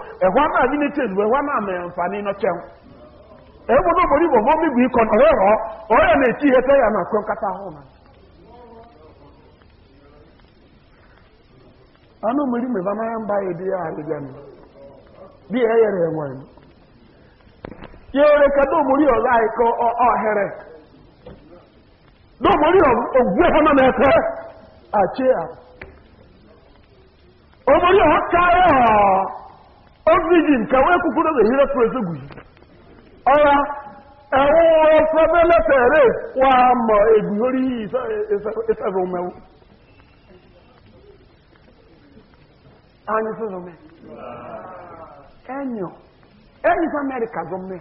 ọrẹ na ti yẹ tẹ yà náà kọ nkata na mmiri mmiri ama ya mba ya di ya ahịrịa nọ di ya yere enwe m ya ole ka ọzọ anyị ka ọgwụ ọhụrụ na-ete achị omori ọha kaara ha oxygen ka wee kukuru the hero press egwu ọra ẹwọ ọsọbẹlẹ tẹrẹ wà mọ egwu orí ìsẹfẹ omẹwò anyi sọsọ mẹ ẹnyọ ẹnyi sọ amẹrika zọ mẹ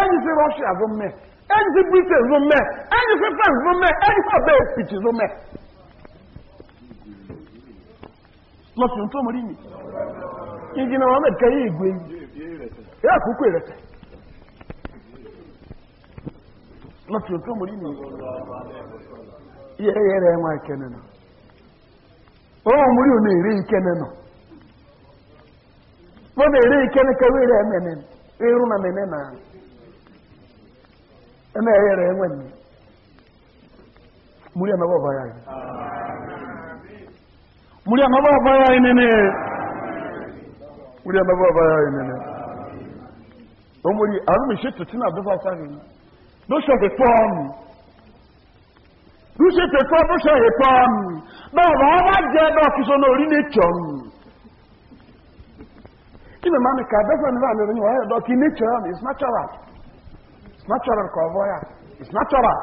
ẹnyi sọ russia zọ mẹ ẹnyi sọ britain zọ mẹ ẹnyi sọ france zọ mẹ ẹnyi sọ abẹ òpìtì zọ lọ́fíùn tó mọ̀rí mi igi na mohamed kẹyí ìgbé yà kúkú ìrẹsẹ̀ lọ́fíùn tó mọ̀rí mi yẹ yẹ rẹ̀ wọn kẹ́nẹ̀ ọwọ́ mọ̀rí òun èrè ìkẹ́nẹ̀ wọ́n èrè ìkẹ́nẹ̀ rẹ̀ mẹ́nẹ̀ eru na mẹ́nẹ̀ nà ẹ̀nà rẹ̀ muri amababa yayinene muri amababa yayinene omuri arumishetwe tinaduvasabiri dushaka etwami dushaka etwami dushaka etwami baba abajja bakiso n'oli n'ekyomi ime mami ka abefani bami ronyi wayo doki n'ekyomi is natural is natural ka ọbọ ya is natural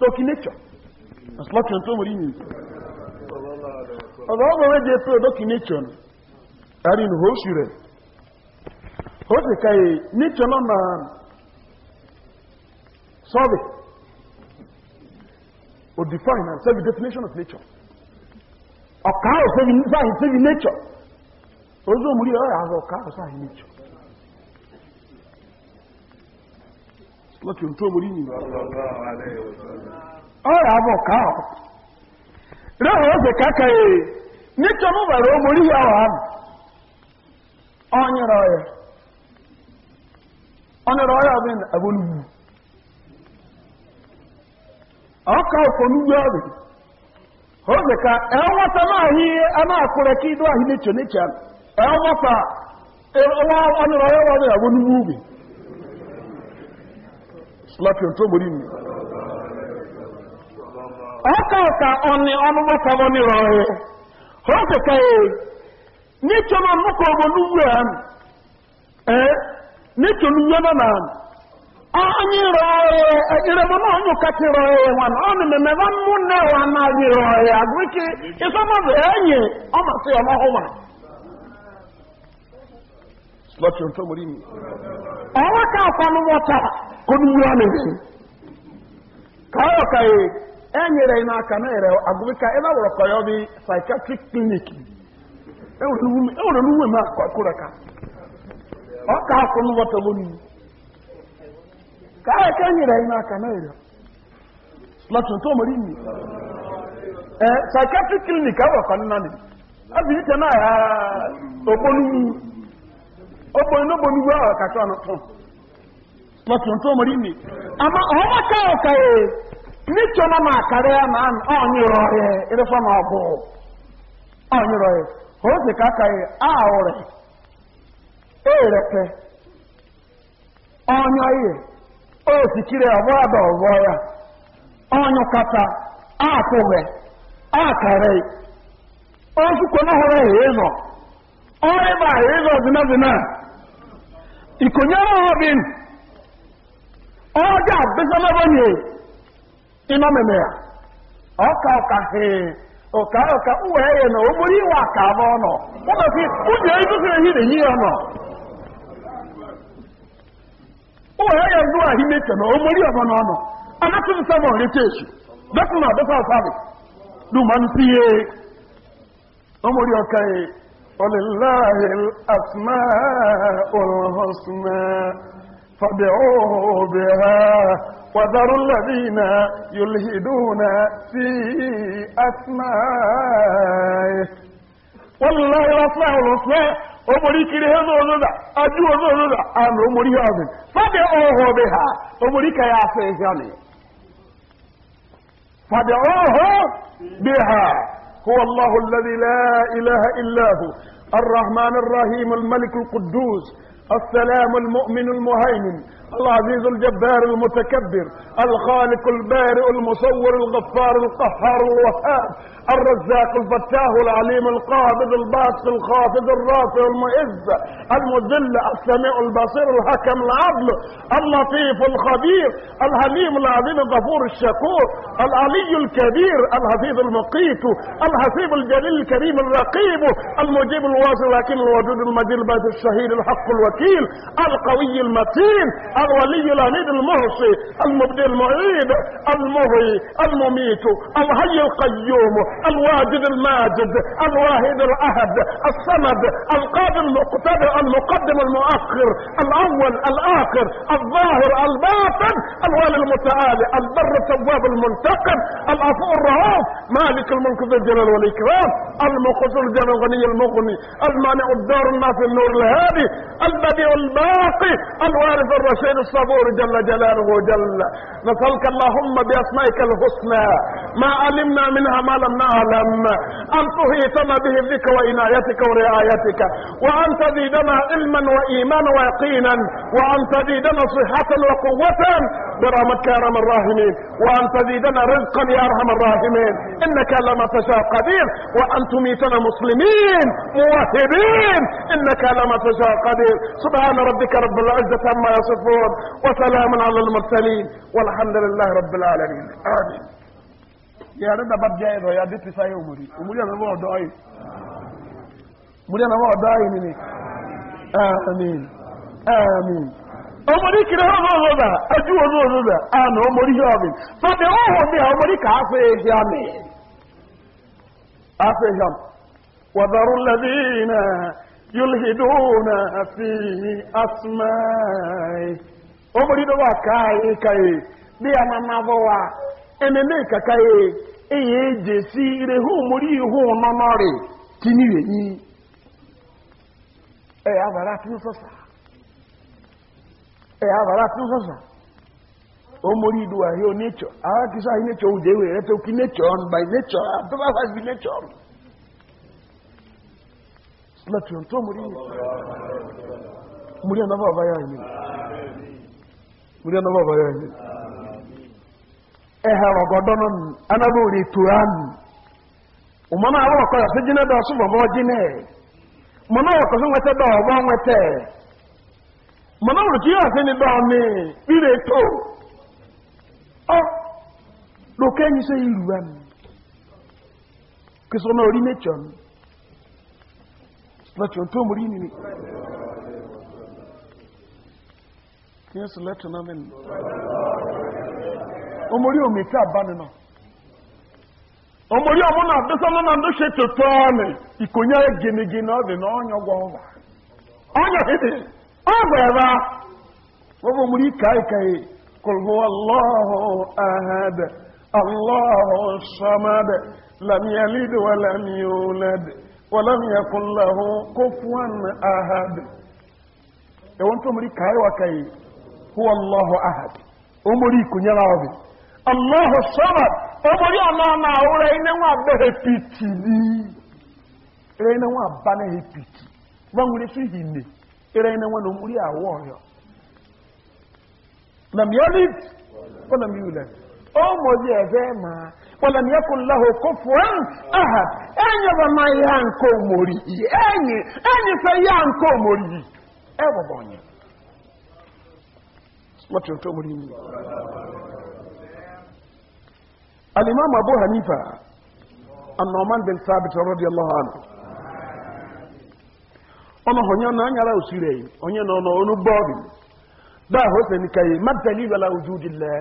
doki n'ekyo is natural ntomori nyi. ọ̀dọ̀ ọgbọ̀n wé jẹ́ pé ọdọ́kì nation àrí ìhò oṣù rẹ̀ ó sì káyè nation na survey o define and serve the definition of nature ọ̀ká ò sẹ́bi sẹ́bi nature ojú òmùrí ọ̀rọ̀ àwọn ọ̀ká ò sáyìí nature lọ́kì ohun tó omùrí yìí ọ̀rọ̀ àwọn ọ̀ká ọ̀ reho ozeka ka aka ya e, n'ịchọrọ ụbara omori ya ọha m ọnyere ọya ọbịa na abonugbu ugwu. A ka ẹnwọta ma ahị ama ka ido ahị n'echo n'echo ya ẹnwọta ẹnwa ọnyere ọya ọbịa na abonugbu ubi slapio na omori ugwu. ọka ka ọnị ọnụgbọ sabọ nịrọ ọhị ha na nnukwu ọgbọ n'ugwu ya ee n'ugwu na na anyị rọ na onye ụkachị rọ ọ na mmụ nne wa anaghị rọ ọhị ike ịsọmọ enyi ọ masị ya ọmọ ọ enyere ya aka na ere agụbịka ebe a gwọrọ ka ya ọ psychiatric clinic enwere e n'uwe m akụrụ e, ka ọ ka akụ n'ụbọchị ka ahụ ka enyere ya aka na ere lọtụ ntụ omori nyi ee psychiatric clinic ka nna nị iche na ya ahụ kacha lọtụ ama ee n'ekyir ọma ma akarịa na ọnyụrụ ọhịa ịrịfọ na ọbụ ọnyụrụ ọhịa ka o si ka aka ya ahụrụ e erepe ọnyọ ihe o sikiri ọbụla da ọbụ ya ọnyụ kata akwụghị akarị na n'ọhụrụ ya ịzọ ọrụ ịba ya ịzọ zinazina ikonyere ọhụrụ ọjọọ abịsọ n'ọbanye ịma meme ọka ọka hee ọka ọka uwe ya na ogbori iwe aka abụ ọnọ ụbọchị ụjọ ịzụziri ehi na ehi ọnọ uwe ya ndu ahụ na ogbori ọbọ na ọnọ nsọ ma ọrịa chechi na ọdọsa ọfabi duma ọka ya e, فبعوه بها وذروا الذين يلهدون في أسمائه والله الأسماء والأسماء أمري كريه ذوذا أجو ذوذا أنا أمري أذن فادعوه بها أمريك يا سيجاني فادعوه بها هو الله الذي لا إله إلا هو الرحمن الرحيم الملك القدوس السلام المؤمن المهيمن العزيز الجبار المتكبر الخالق البارئ المصور الغفار القهار الوهاب الرزاق الفتاه العليم القابض الباسط الخافض الرافع المعز المذل السميع البصير الحكم العدل اللطيف الخبير الحليم العظيم الغفور الشكور العلي الكبير الحفيظ المقيت الحسيب الجليل الكريم الرقيب المجيب الواصل لكن الوجود المجيد الباث الشهيد الحق الوكيل القوي المتين الولي الامين المعصي المبدي المعيد المهي المميت الحي القيوم الواجد الماجد الواهد الأهد الصمد القادم المقتدر المقدم المؤخر الأول الآخر الظاهر الباطن الوالي المتعالي البر التواب المنتقم العفو الرؤوف مالك الملك ذي الجلال والإكرام المقص الجلال الغني المغني المانع الدار النافي النور الهادي البديع الباقي الوارث الرشيد ومن الصبور جل جلاله جل نسألك اللهم بأسمائك الحسنى ما علمنا منها ما لم نعلم أن تهيتنا به بك وعنايتك ورعايتك وأن تزيدنا علما وإيمانا ويقينا وأن تزيدنا صحة وقوة برحمتك يا أرحم الراحمين وأن تزيدنا رزقا يا أرحم الراحمين إنك لما تشاء قدير وأن تميتنا مسلمين موهبين إنك لما تشاء قدير سبحان ربك رب العزة عما يصفون المتقون وسلام على المرسلين والحمد لله رب العالمين آمين يا رب باب جاي يا دي ساي عمري عمري أنا ما أدعي عمري أنا ما أدعي مني آمين آمين أموري كده هو هو ده أجو هو هو ده أنا أموري هو ده هو هو ده أموري كافي جامي كافي جامي وذروا الذين yulhiduna fi asmai omori do wa kai kai bi amama bo wa ememe kakaye eye jesi ire hu omori hu nonore kini re yi e abara tun sosa e abara tun sosa omori do wa he nature ara kisa nature o we re to nature on by nature ababa by nature láti ọ̀tọ́ muri múrí ọ̀nàbà àbáyá ìní múrí ọ̀nàbà àbáyá ìní ẹ̀hẹ̀ ọ̀gọ́dọ́ náà ní anábò rè tóra nù ọmọnà àwọn ọkọ yà sí jiná dọ̀ sí bọ̀bọ̀ mana ẹ̀ mọ̀nà ọkọ̀ ni dọ̀ ní rírè tó ọ lókè yìí sẹ́yìn ìlú wa lọ́tọ̀ tó mú rí nìní kí ẹ́ sì lẹ́tọ̀ náà lẹ́nu omori omi tí a bá nínú omori ọmọ náà dẹ́sọ́ náà náà ló ṣe tòótọ́ mi ìkònyá genegene ọ̀dẹ̀ náà ọ̀yàn gbọ́ ọ̀bà ọ̀yàn hìdì ọ̀bà ẹ̀rá wọ́n fọ́ omori káìkáì kòlùbọ̀ ọlọ́hùn ahẹ́dẹ̀ ọlọ́hùn sọmọdẹ̀ làmìẹ́lìdẹ̀ ụ oiaa awe ee a p ọmọdé ẹ̀fẹ́ máa pọ̀lọ̀mí ẹkùn lọ́hùn kó fún ahà ẹ̀yìn bá nke yá nǹkan òmòrì yìí ẹ̀yìn ẹ̀yìn fẹ́ yá nǹkan òmòrì yìí ẹ̀ wọ̀bọ̀ yẹn. wọ́n tó alimami abu hanifa anoman bin sabit rọdi allahu anhu ọmọ ọnyá náà nyara òsì rẹ̀ ọnyá náà má tẹ̀lé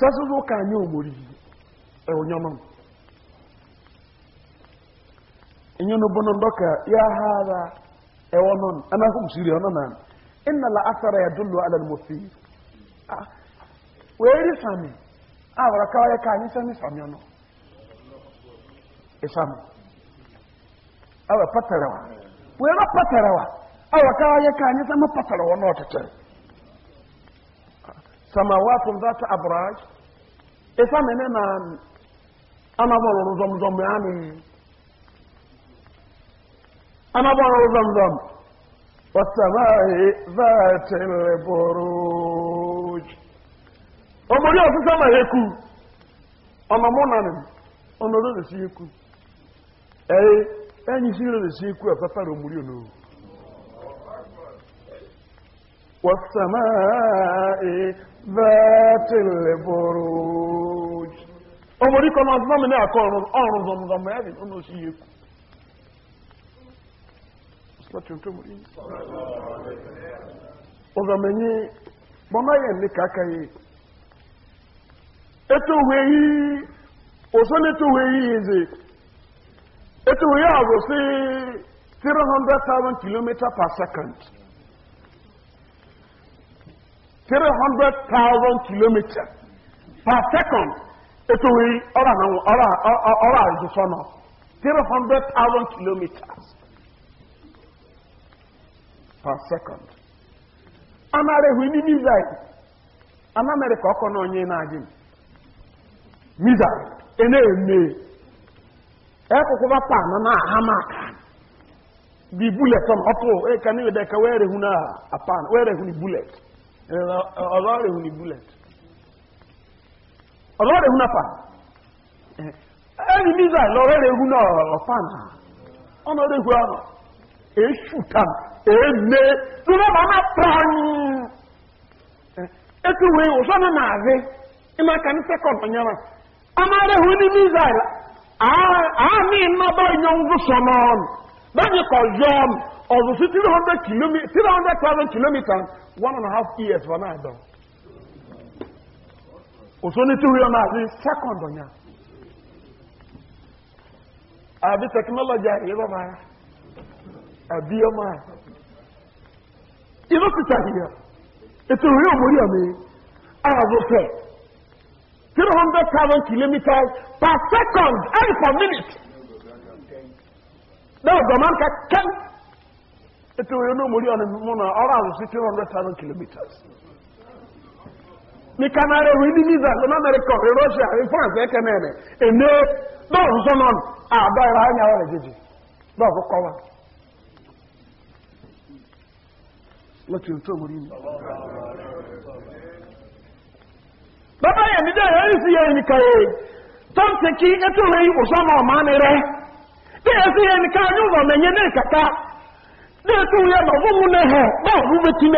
sasụzụ ka anyị omori eonyọnọ inyonobono ndoka ya hara ewonon anahum siri ononan inna la athara yadullu ala almusi weeri sami awara kawaya ka anyị sami sami ono isami awa patarawa weera patarawa awa kawaya ka anyị sami patarawa n'ọchịchịrị samawatun zata abraj isa mene na anabọrọ zọmzọm ya ni anabọrọ zọmzọm wasamai zati alburuj omori osisi ama ya eku ọmọ mụ na nim ọnọdụ resi eku ee enyi si resi eku afafara omori والسماء ذات البروج أمريك نظام نعكر أرض نظام هذه الأنسية ọzọmenye bọmayẹ nìka kẹyẹ etowe yìí òsán etowe yìí eze etowe yìí àwòsí hundred thousand per second. 300,000 kilometers per second. Ètò wí ọ̀rọ̀ àwọn ọ̀rọ̀ 300,000 kilometers per second. Amárehu ní Mísàì, Anamẹ́ríkà ọkọ̀ náà yẹn náà jìn. Mísàì, ẹnẹ́ èmè. Ẹ kòkó bá pa na náà hámà kan. Bí búlẹ̀tì ọ̀nà ọ̀pọ̀ ẹ̀ka ní ìdẹ́ka wẹ́ẹ̀rẹ̀ hu náà àpá wẹ́ẹ̀rẹ̀ hu Uh, uh, ọlọ́rẹ̀ hun ni bullet ọlọ́rẹ̀ hun apá ẹni mísà lọ́rẹ̀rẹ̀ hun ọ̀pán ọ̀nọ́rẹ̀ hun ọ̀nà èṣùtà èmé lọ́rọ̀bà náà pàánù ẹkùnwé òṣọ́nà náà rí ẹmà kà ní sẹ́kọ̀ndì ọ̀nyára ọmọ rẹ̀ hun ni mísà àmì ìnàbọ̀ Then you yọm ọ̀dùn sí three hundred kilometre kilometers, one and a half years wọn náà dán òṣò ní two hundred náà ní second ọ̀nyà àbí technology àyè bàbá àbí ọmọ à inú títà yìí ètò ìwé òmòrí ọ̀mí ààbò fẹ́ three hundred thousand kilometers per second every per minute. Now, Gomanka can. etu will no on Mona or out of kilometers. The Canada really needs that in America, Russia, in France, they can have it. And no, ah, by Ryan, I already did. No, for cover. Let you tell me. ni yẹ́sì yẹn nìkan yóò mọ̀ ẹ̀yẹ ní na bẹ́ẹ̀ tó yẹ lọ fún un nẹ̀hẹ̀ one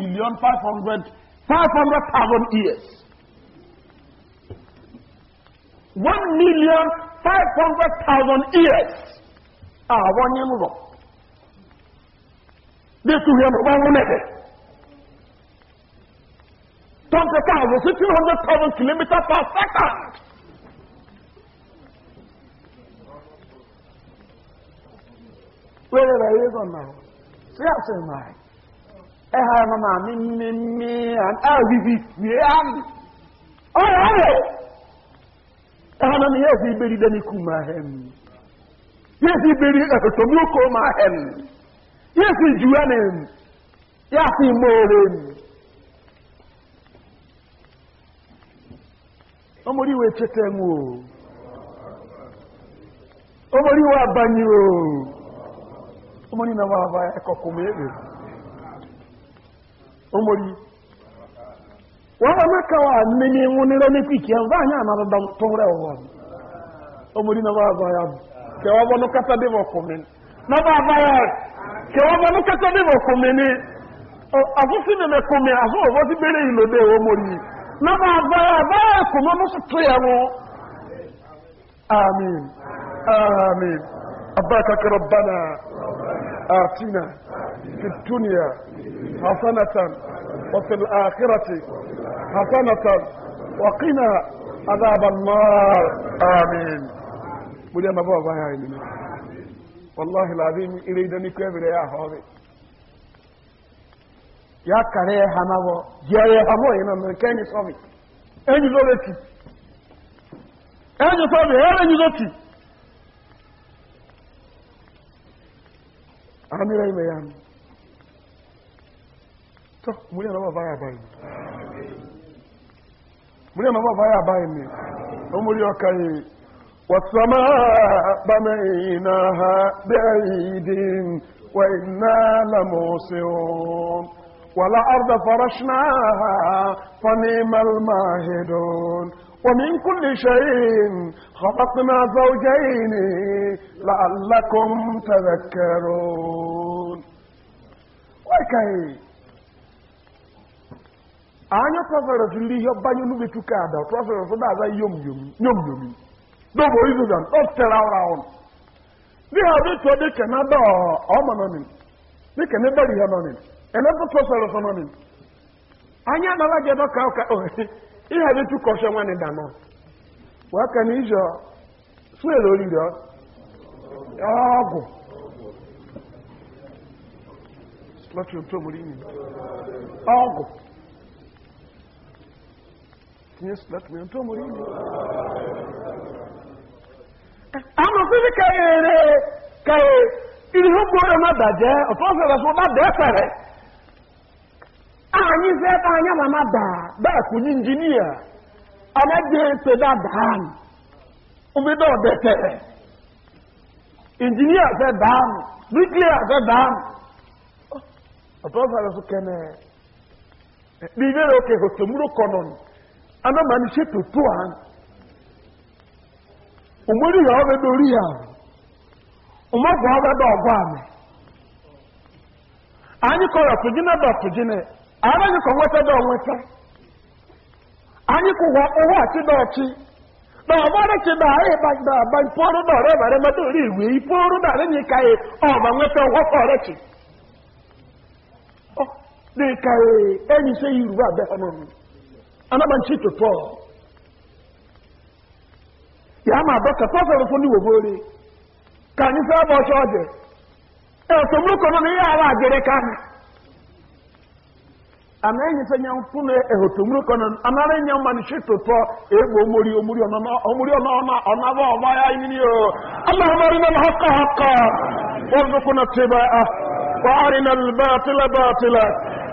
million five hundred five hundred thousand years one million five hundred thousand years àbọ̀ yẹn lọ bẹ́ẹ̀ tó yẹ lọ fún per second. wherever are is on now. see I have a man, me, me, me, and I'll be with me. I'm all right. Ẹ̀hánà ni yẹ́ fi bèèrè dẹ́nikú máa hẹ́m. Yẹ́ fi bèèrè ẹ̀fẹ̀tọ̀mọ́kọ́ máa hẹ́m. Yẹ́ fi jù ẹ́ nìm. Yẹ́ fi o. ọmọdé náà máa bá ẹkọ̀ kò méèrè ọmọdé wọ́n bá mẹ́ka wà nínú ìwọ̀n ní rẹ́ ní pìkì ẹ̀ bá yàn máa bá tó rẹ̀ wọ̀ ọmọdé náà máa bá yà bù kẹwàá bọ́ ní kẹta dé bọ̀ kò mẹ́ni náà bá bá yà kẹwàá bọ́ ní kẹta amin amin Abba rọ̀ bá آتنا في الدنيا حسنة وفي الآخرة حسنة وقنا عذاب النار آمين بلي ما بابا يا عيني والله العظيم إلي دني كبير يا حبيبي يا كره حمو يا يا حمو إنا من كان يصوي أين زوجتي أين صوبي أين زوجتي amira ime ya to muri na baba ya bayi muri na baba ya bayi ne o muri okai wasama bamainaha bi'idin wa inna lamusirun ولا أرض فرشناها فنيم الماهدون ومن كل شيء خلقنا زوجين لعلكم تذكرون وكي anya kwafere su ndị ihe ọbanye n'ubi tuka ada kwafere su da-aza yom yomi yom yomi n'obo izu zan ọ tere ọra ọnụ dị ha dị tụọ dị kena da ọma nọ nị dị kena ebere ihe nọ nị ene tụtụ sọrọ sọ nọ nị anya anara gị dọka ọka ohe ihe bɛ tu kɔsɔ wani dano wa kani izɔ fuel ori dɔ ɔɔgu lɔtɔ ntomori yi ɔɔgu tiɲɛ lɔtɔ ntomori yi ama fisi ka yere ka ye irihu gbɔdɔ ma bàjɛ ɔtɔ fɛ ka so ma dɛ fɛrɛ. anyị zee ebe anya mama daa daa kwụnye injinia anaghị ese daa daa m obido ọdetere injinia ze daa m briklia ze daa m ọtọ ọsara so kene bibere oke hotomuro kọnọn anamani ṣe tutu a òmòrì yà ọbẹ dórí yà òmògùn ọbẹ dọ ọgọ àmì anyị kọrọ tụjinẹ dọ tụjinẹ a ka nweta dị nweta anyị kwụwa ụwa chi dọọ chi dọọbara chi dọọ anyị gbagide agba ọrụ dọọ ọrụ ebere mmadụ iwe ọrụ dọọ anyị ka anyị ọba nweta ọgwọkọ ọrụ chi dị ka enyi se yi abịa nchi tụtụ ya ma pọsọrọ ka anyị ihe ara ana enyi sɛ nyamfunu ehotomuru kɔnɔ anara nyamani si totɔ egbo omori omori ɔnana omori ɔnana ɔnaba ɔba ya yini o alahuma arina alhaka haka wɔzukuna tiba'a wa arina albatila batila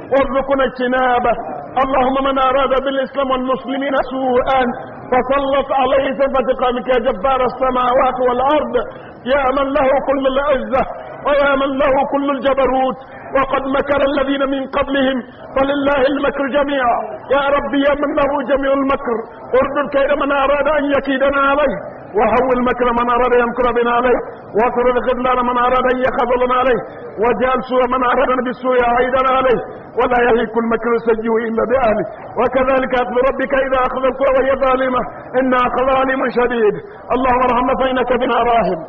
wɔzukuna kinaba allahumma man arada bil islam wal muslimina su'an فسلط عليه فبدقامك يا جبار السماوات والأرض يا من له كل العزة ويا من له كل الجبروت وقد مكر الذين من قبلهم فلله المكر جميعا يا ربي يا من له جميع المكر اردد كيد من أراد أن يكيدنا عليه وهول مكر من أراد يمكر بنا عليه واكر الخذلان من أراد أن يخذلنا عليه وجعل سوء من أراد بالسوء عيدا عليه ولا يهلك المكر السيء إلا بأهله وكذلك أخذ ربك إذا أخذ القرى وهي ظالمة إن أخذ عليم شديد اللهم ارحمنا فإنك بنا راحم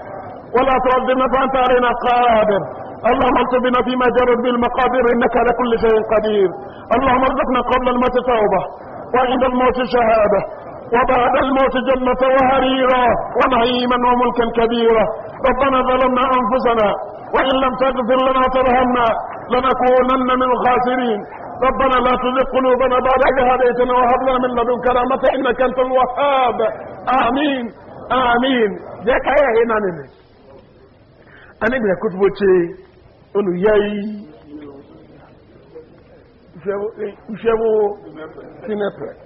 ولا تعذبنا فأنت علينا قادر اللهم بنا فيما جرت بالمقادير انك على كل شيء قدير اللهم ارزقنا قبل الموت توبه وعند الموت شهاده وبعد الموت جنة وهريرا ونعيما وملكا كبيرا ربنا ظلمنا أنفسنا وإن لم تغفر لنا ترهمنا لنكونن من الخاسرين ربنا لا تزغ قلوبنا بعد إذ هديتنا وهب لنا من لدنك رحمة إنك أنت الوهاب آمين آمين ديك هي هنا نمي أنا بيا كتبو تشي أنو ياي Ìṣẹ́wó Ìṣẹ́wó Sinẹ́pẹ̀ẹ́.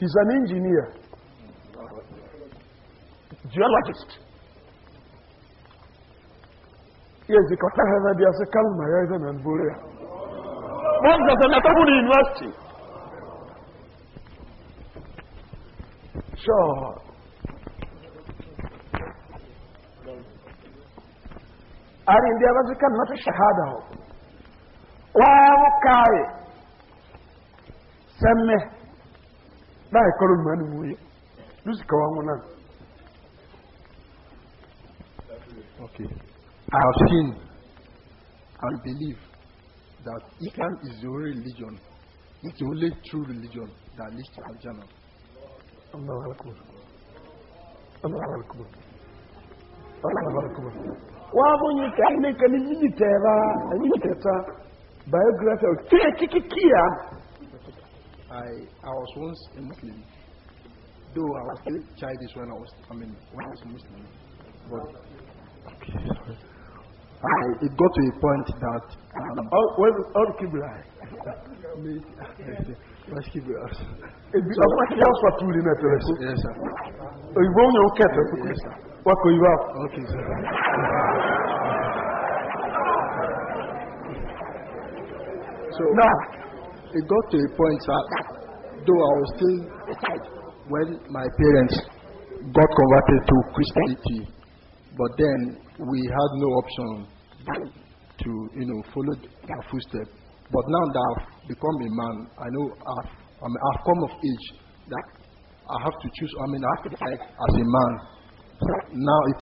He's an engineer, geologist. يزكوتها هذا بياس كلمة يا إذا من بوريها ماذا سنتبون يونيفرسيتي شو أرين دي أبزي كلمة الشهادة هو وابو كاي سمه daa ekɔrɔ mu ɛni wuye lusi kawa ŋun na okay i have seen and believe that islam is the only religion it's the only true religion that leads to aljanna. allah akbar allah yín ká ní kan ní yín tẹ̀ ẹ́ biography ọ̀ tẹ́ kíkí kíá. I, I was once a Muslim, though I was still childish when I was, I mean, when I was Muslim. But okay, I, it got to a point that um, all, all, all Qibla, Let's keep it up. Ọ̀pọ̀ kí á sọ tún lè mẹ́tẹ̀ rẹ̀ sí. Òyìnbó ń sir? What fún you have? Okay, sir. So, now, it got to a point that though I was still when my parents got converted to Christianity, but then we had no option to you know follow their footsteps. But now that I've become a man, I know I've I mean, I've come of age that I have to choose. I mean, I have to fight as a man. Now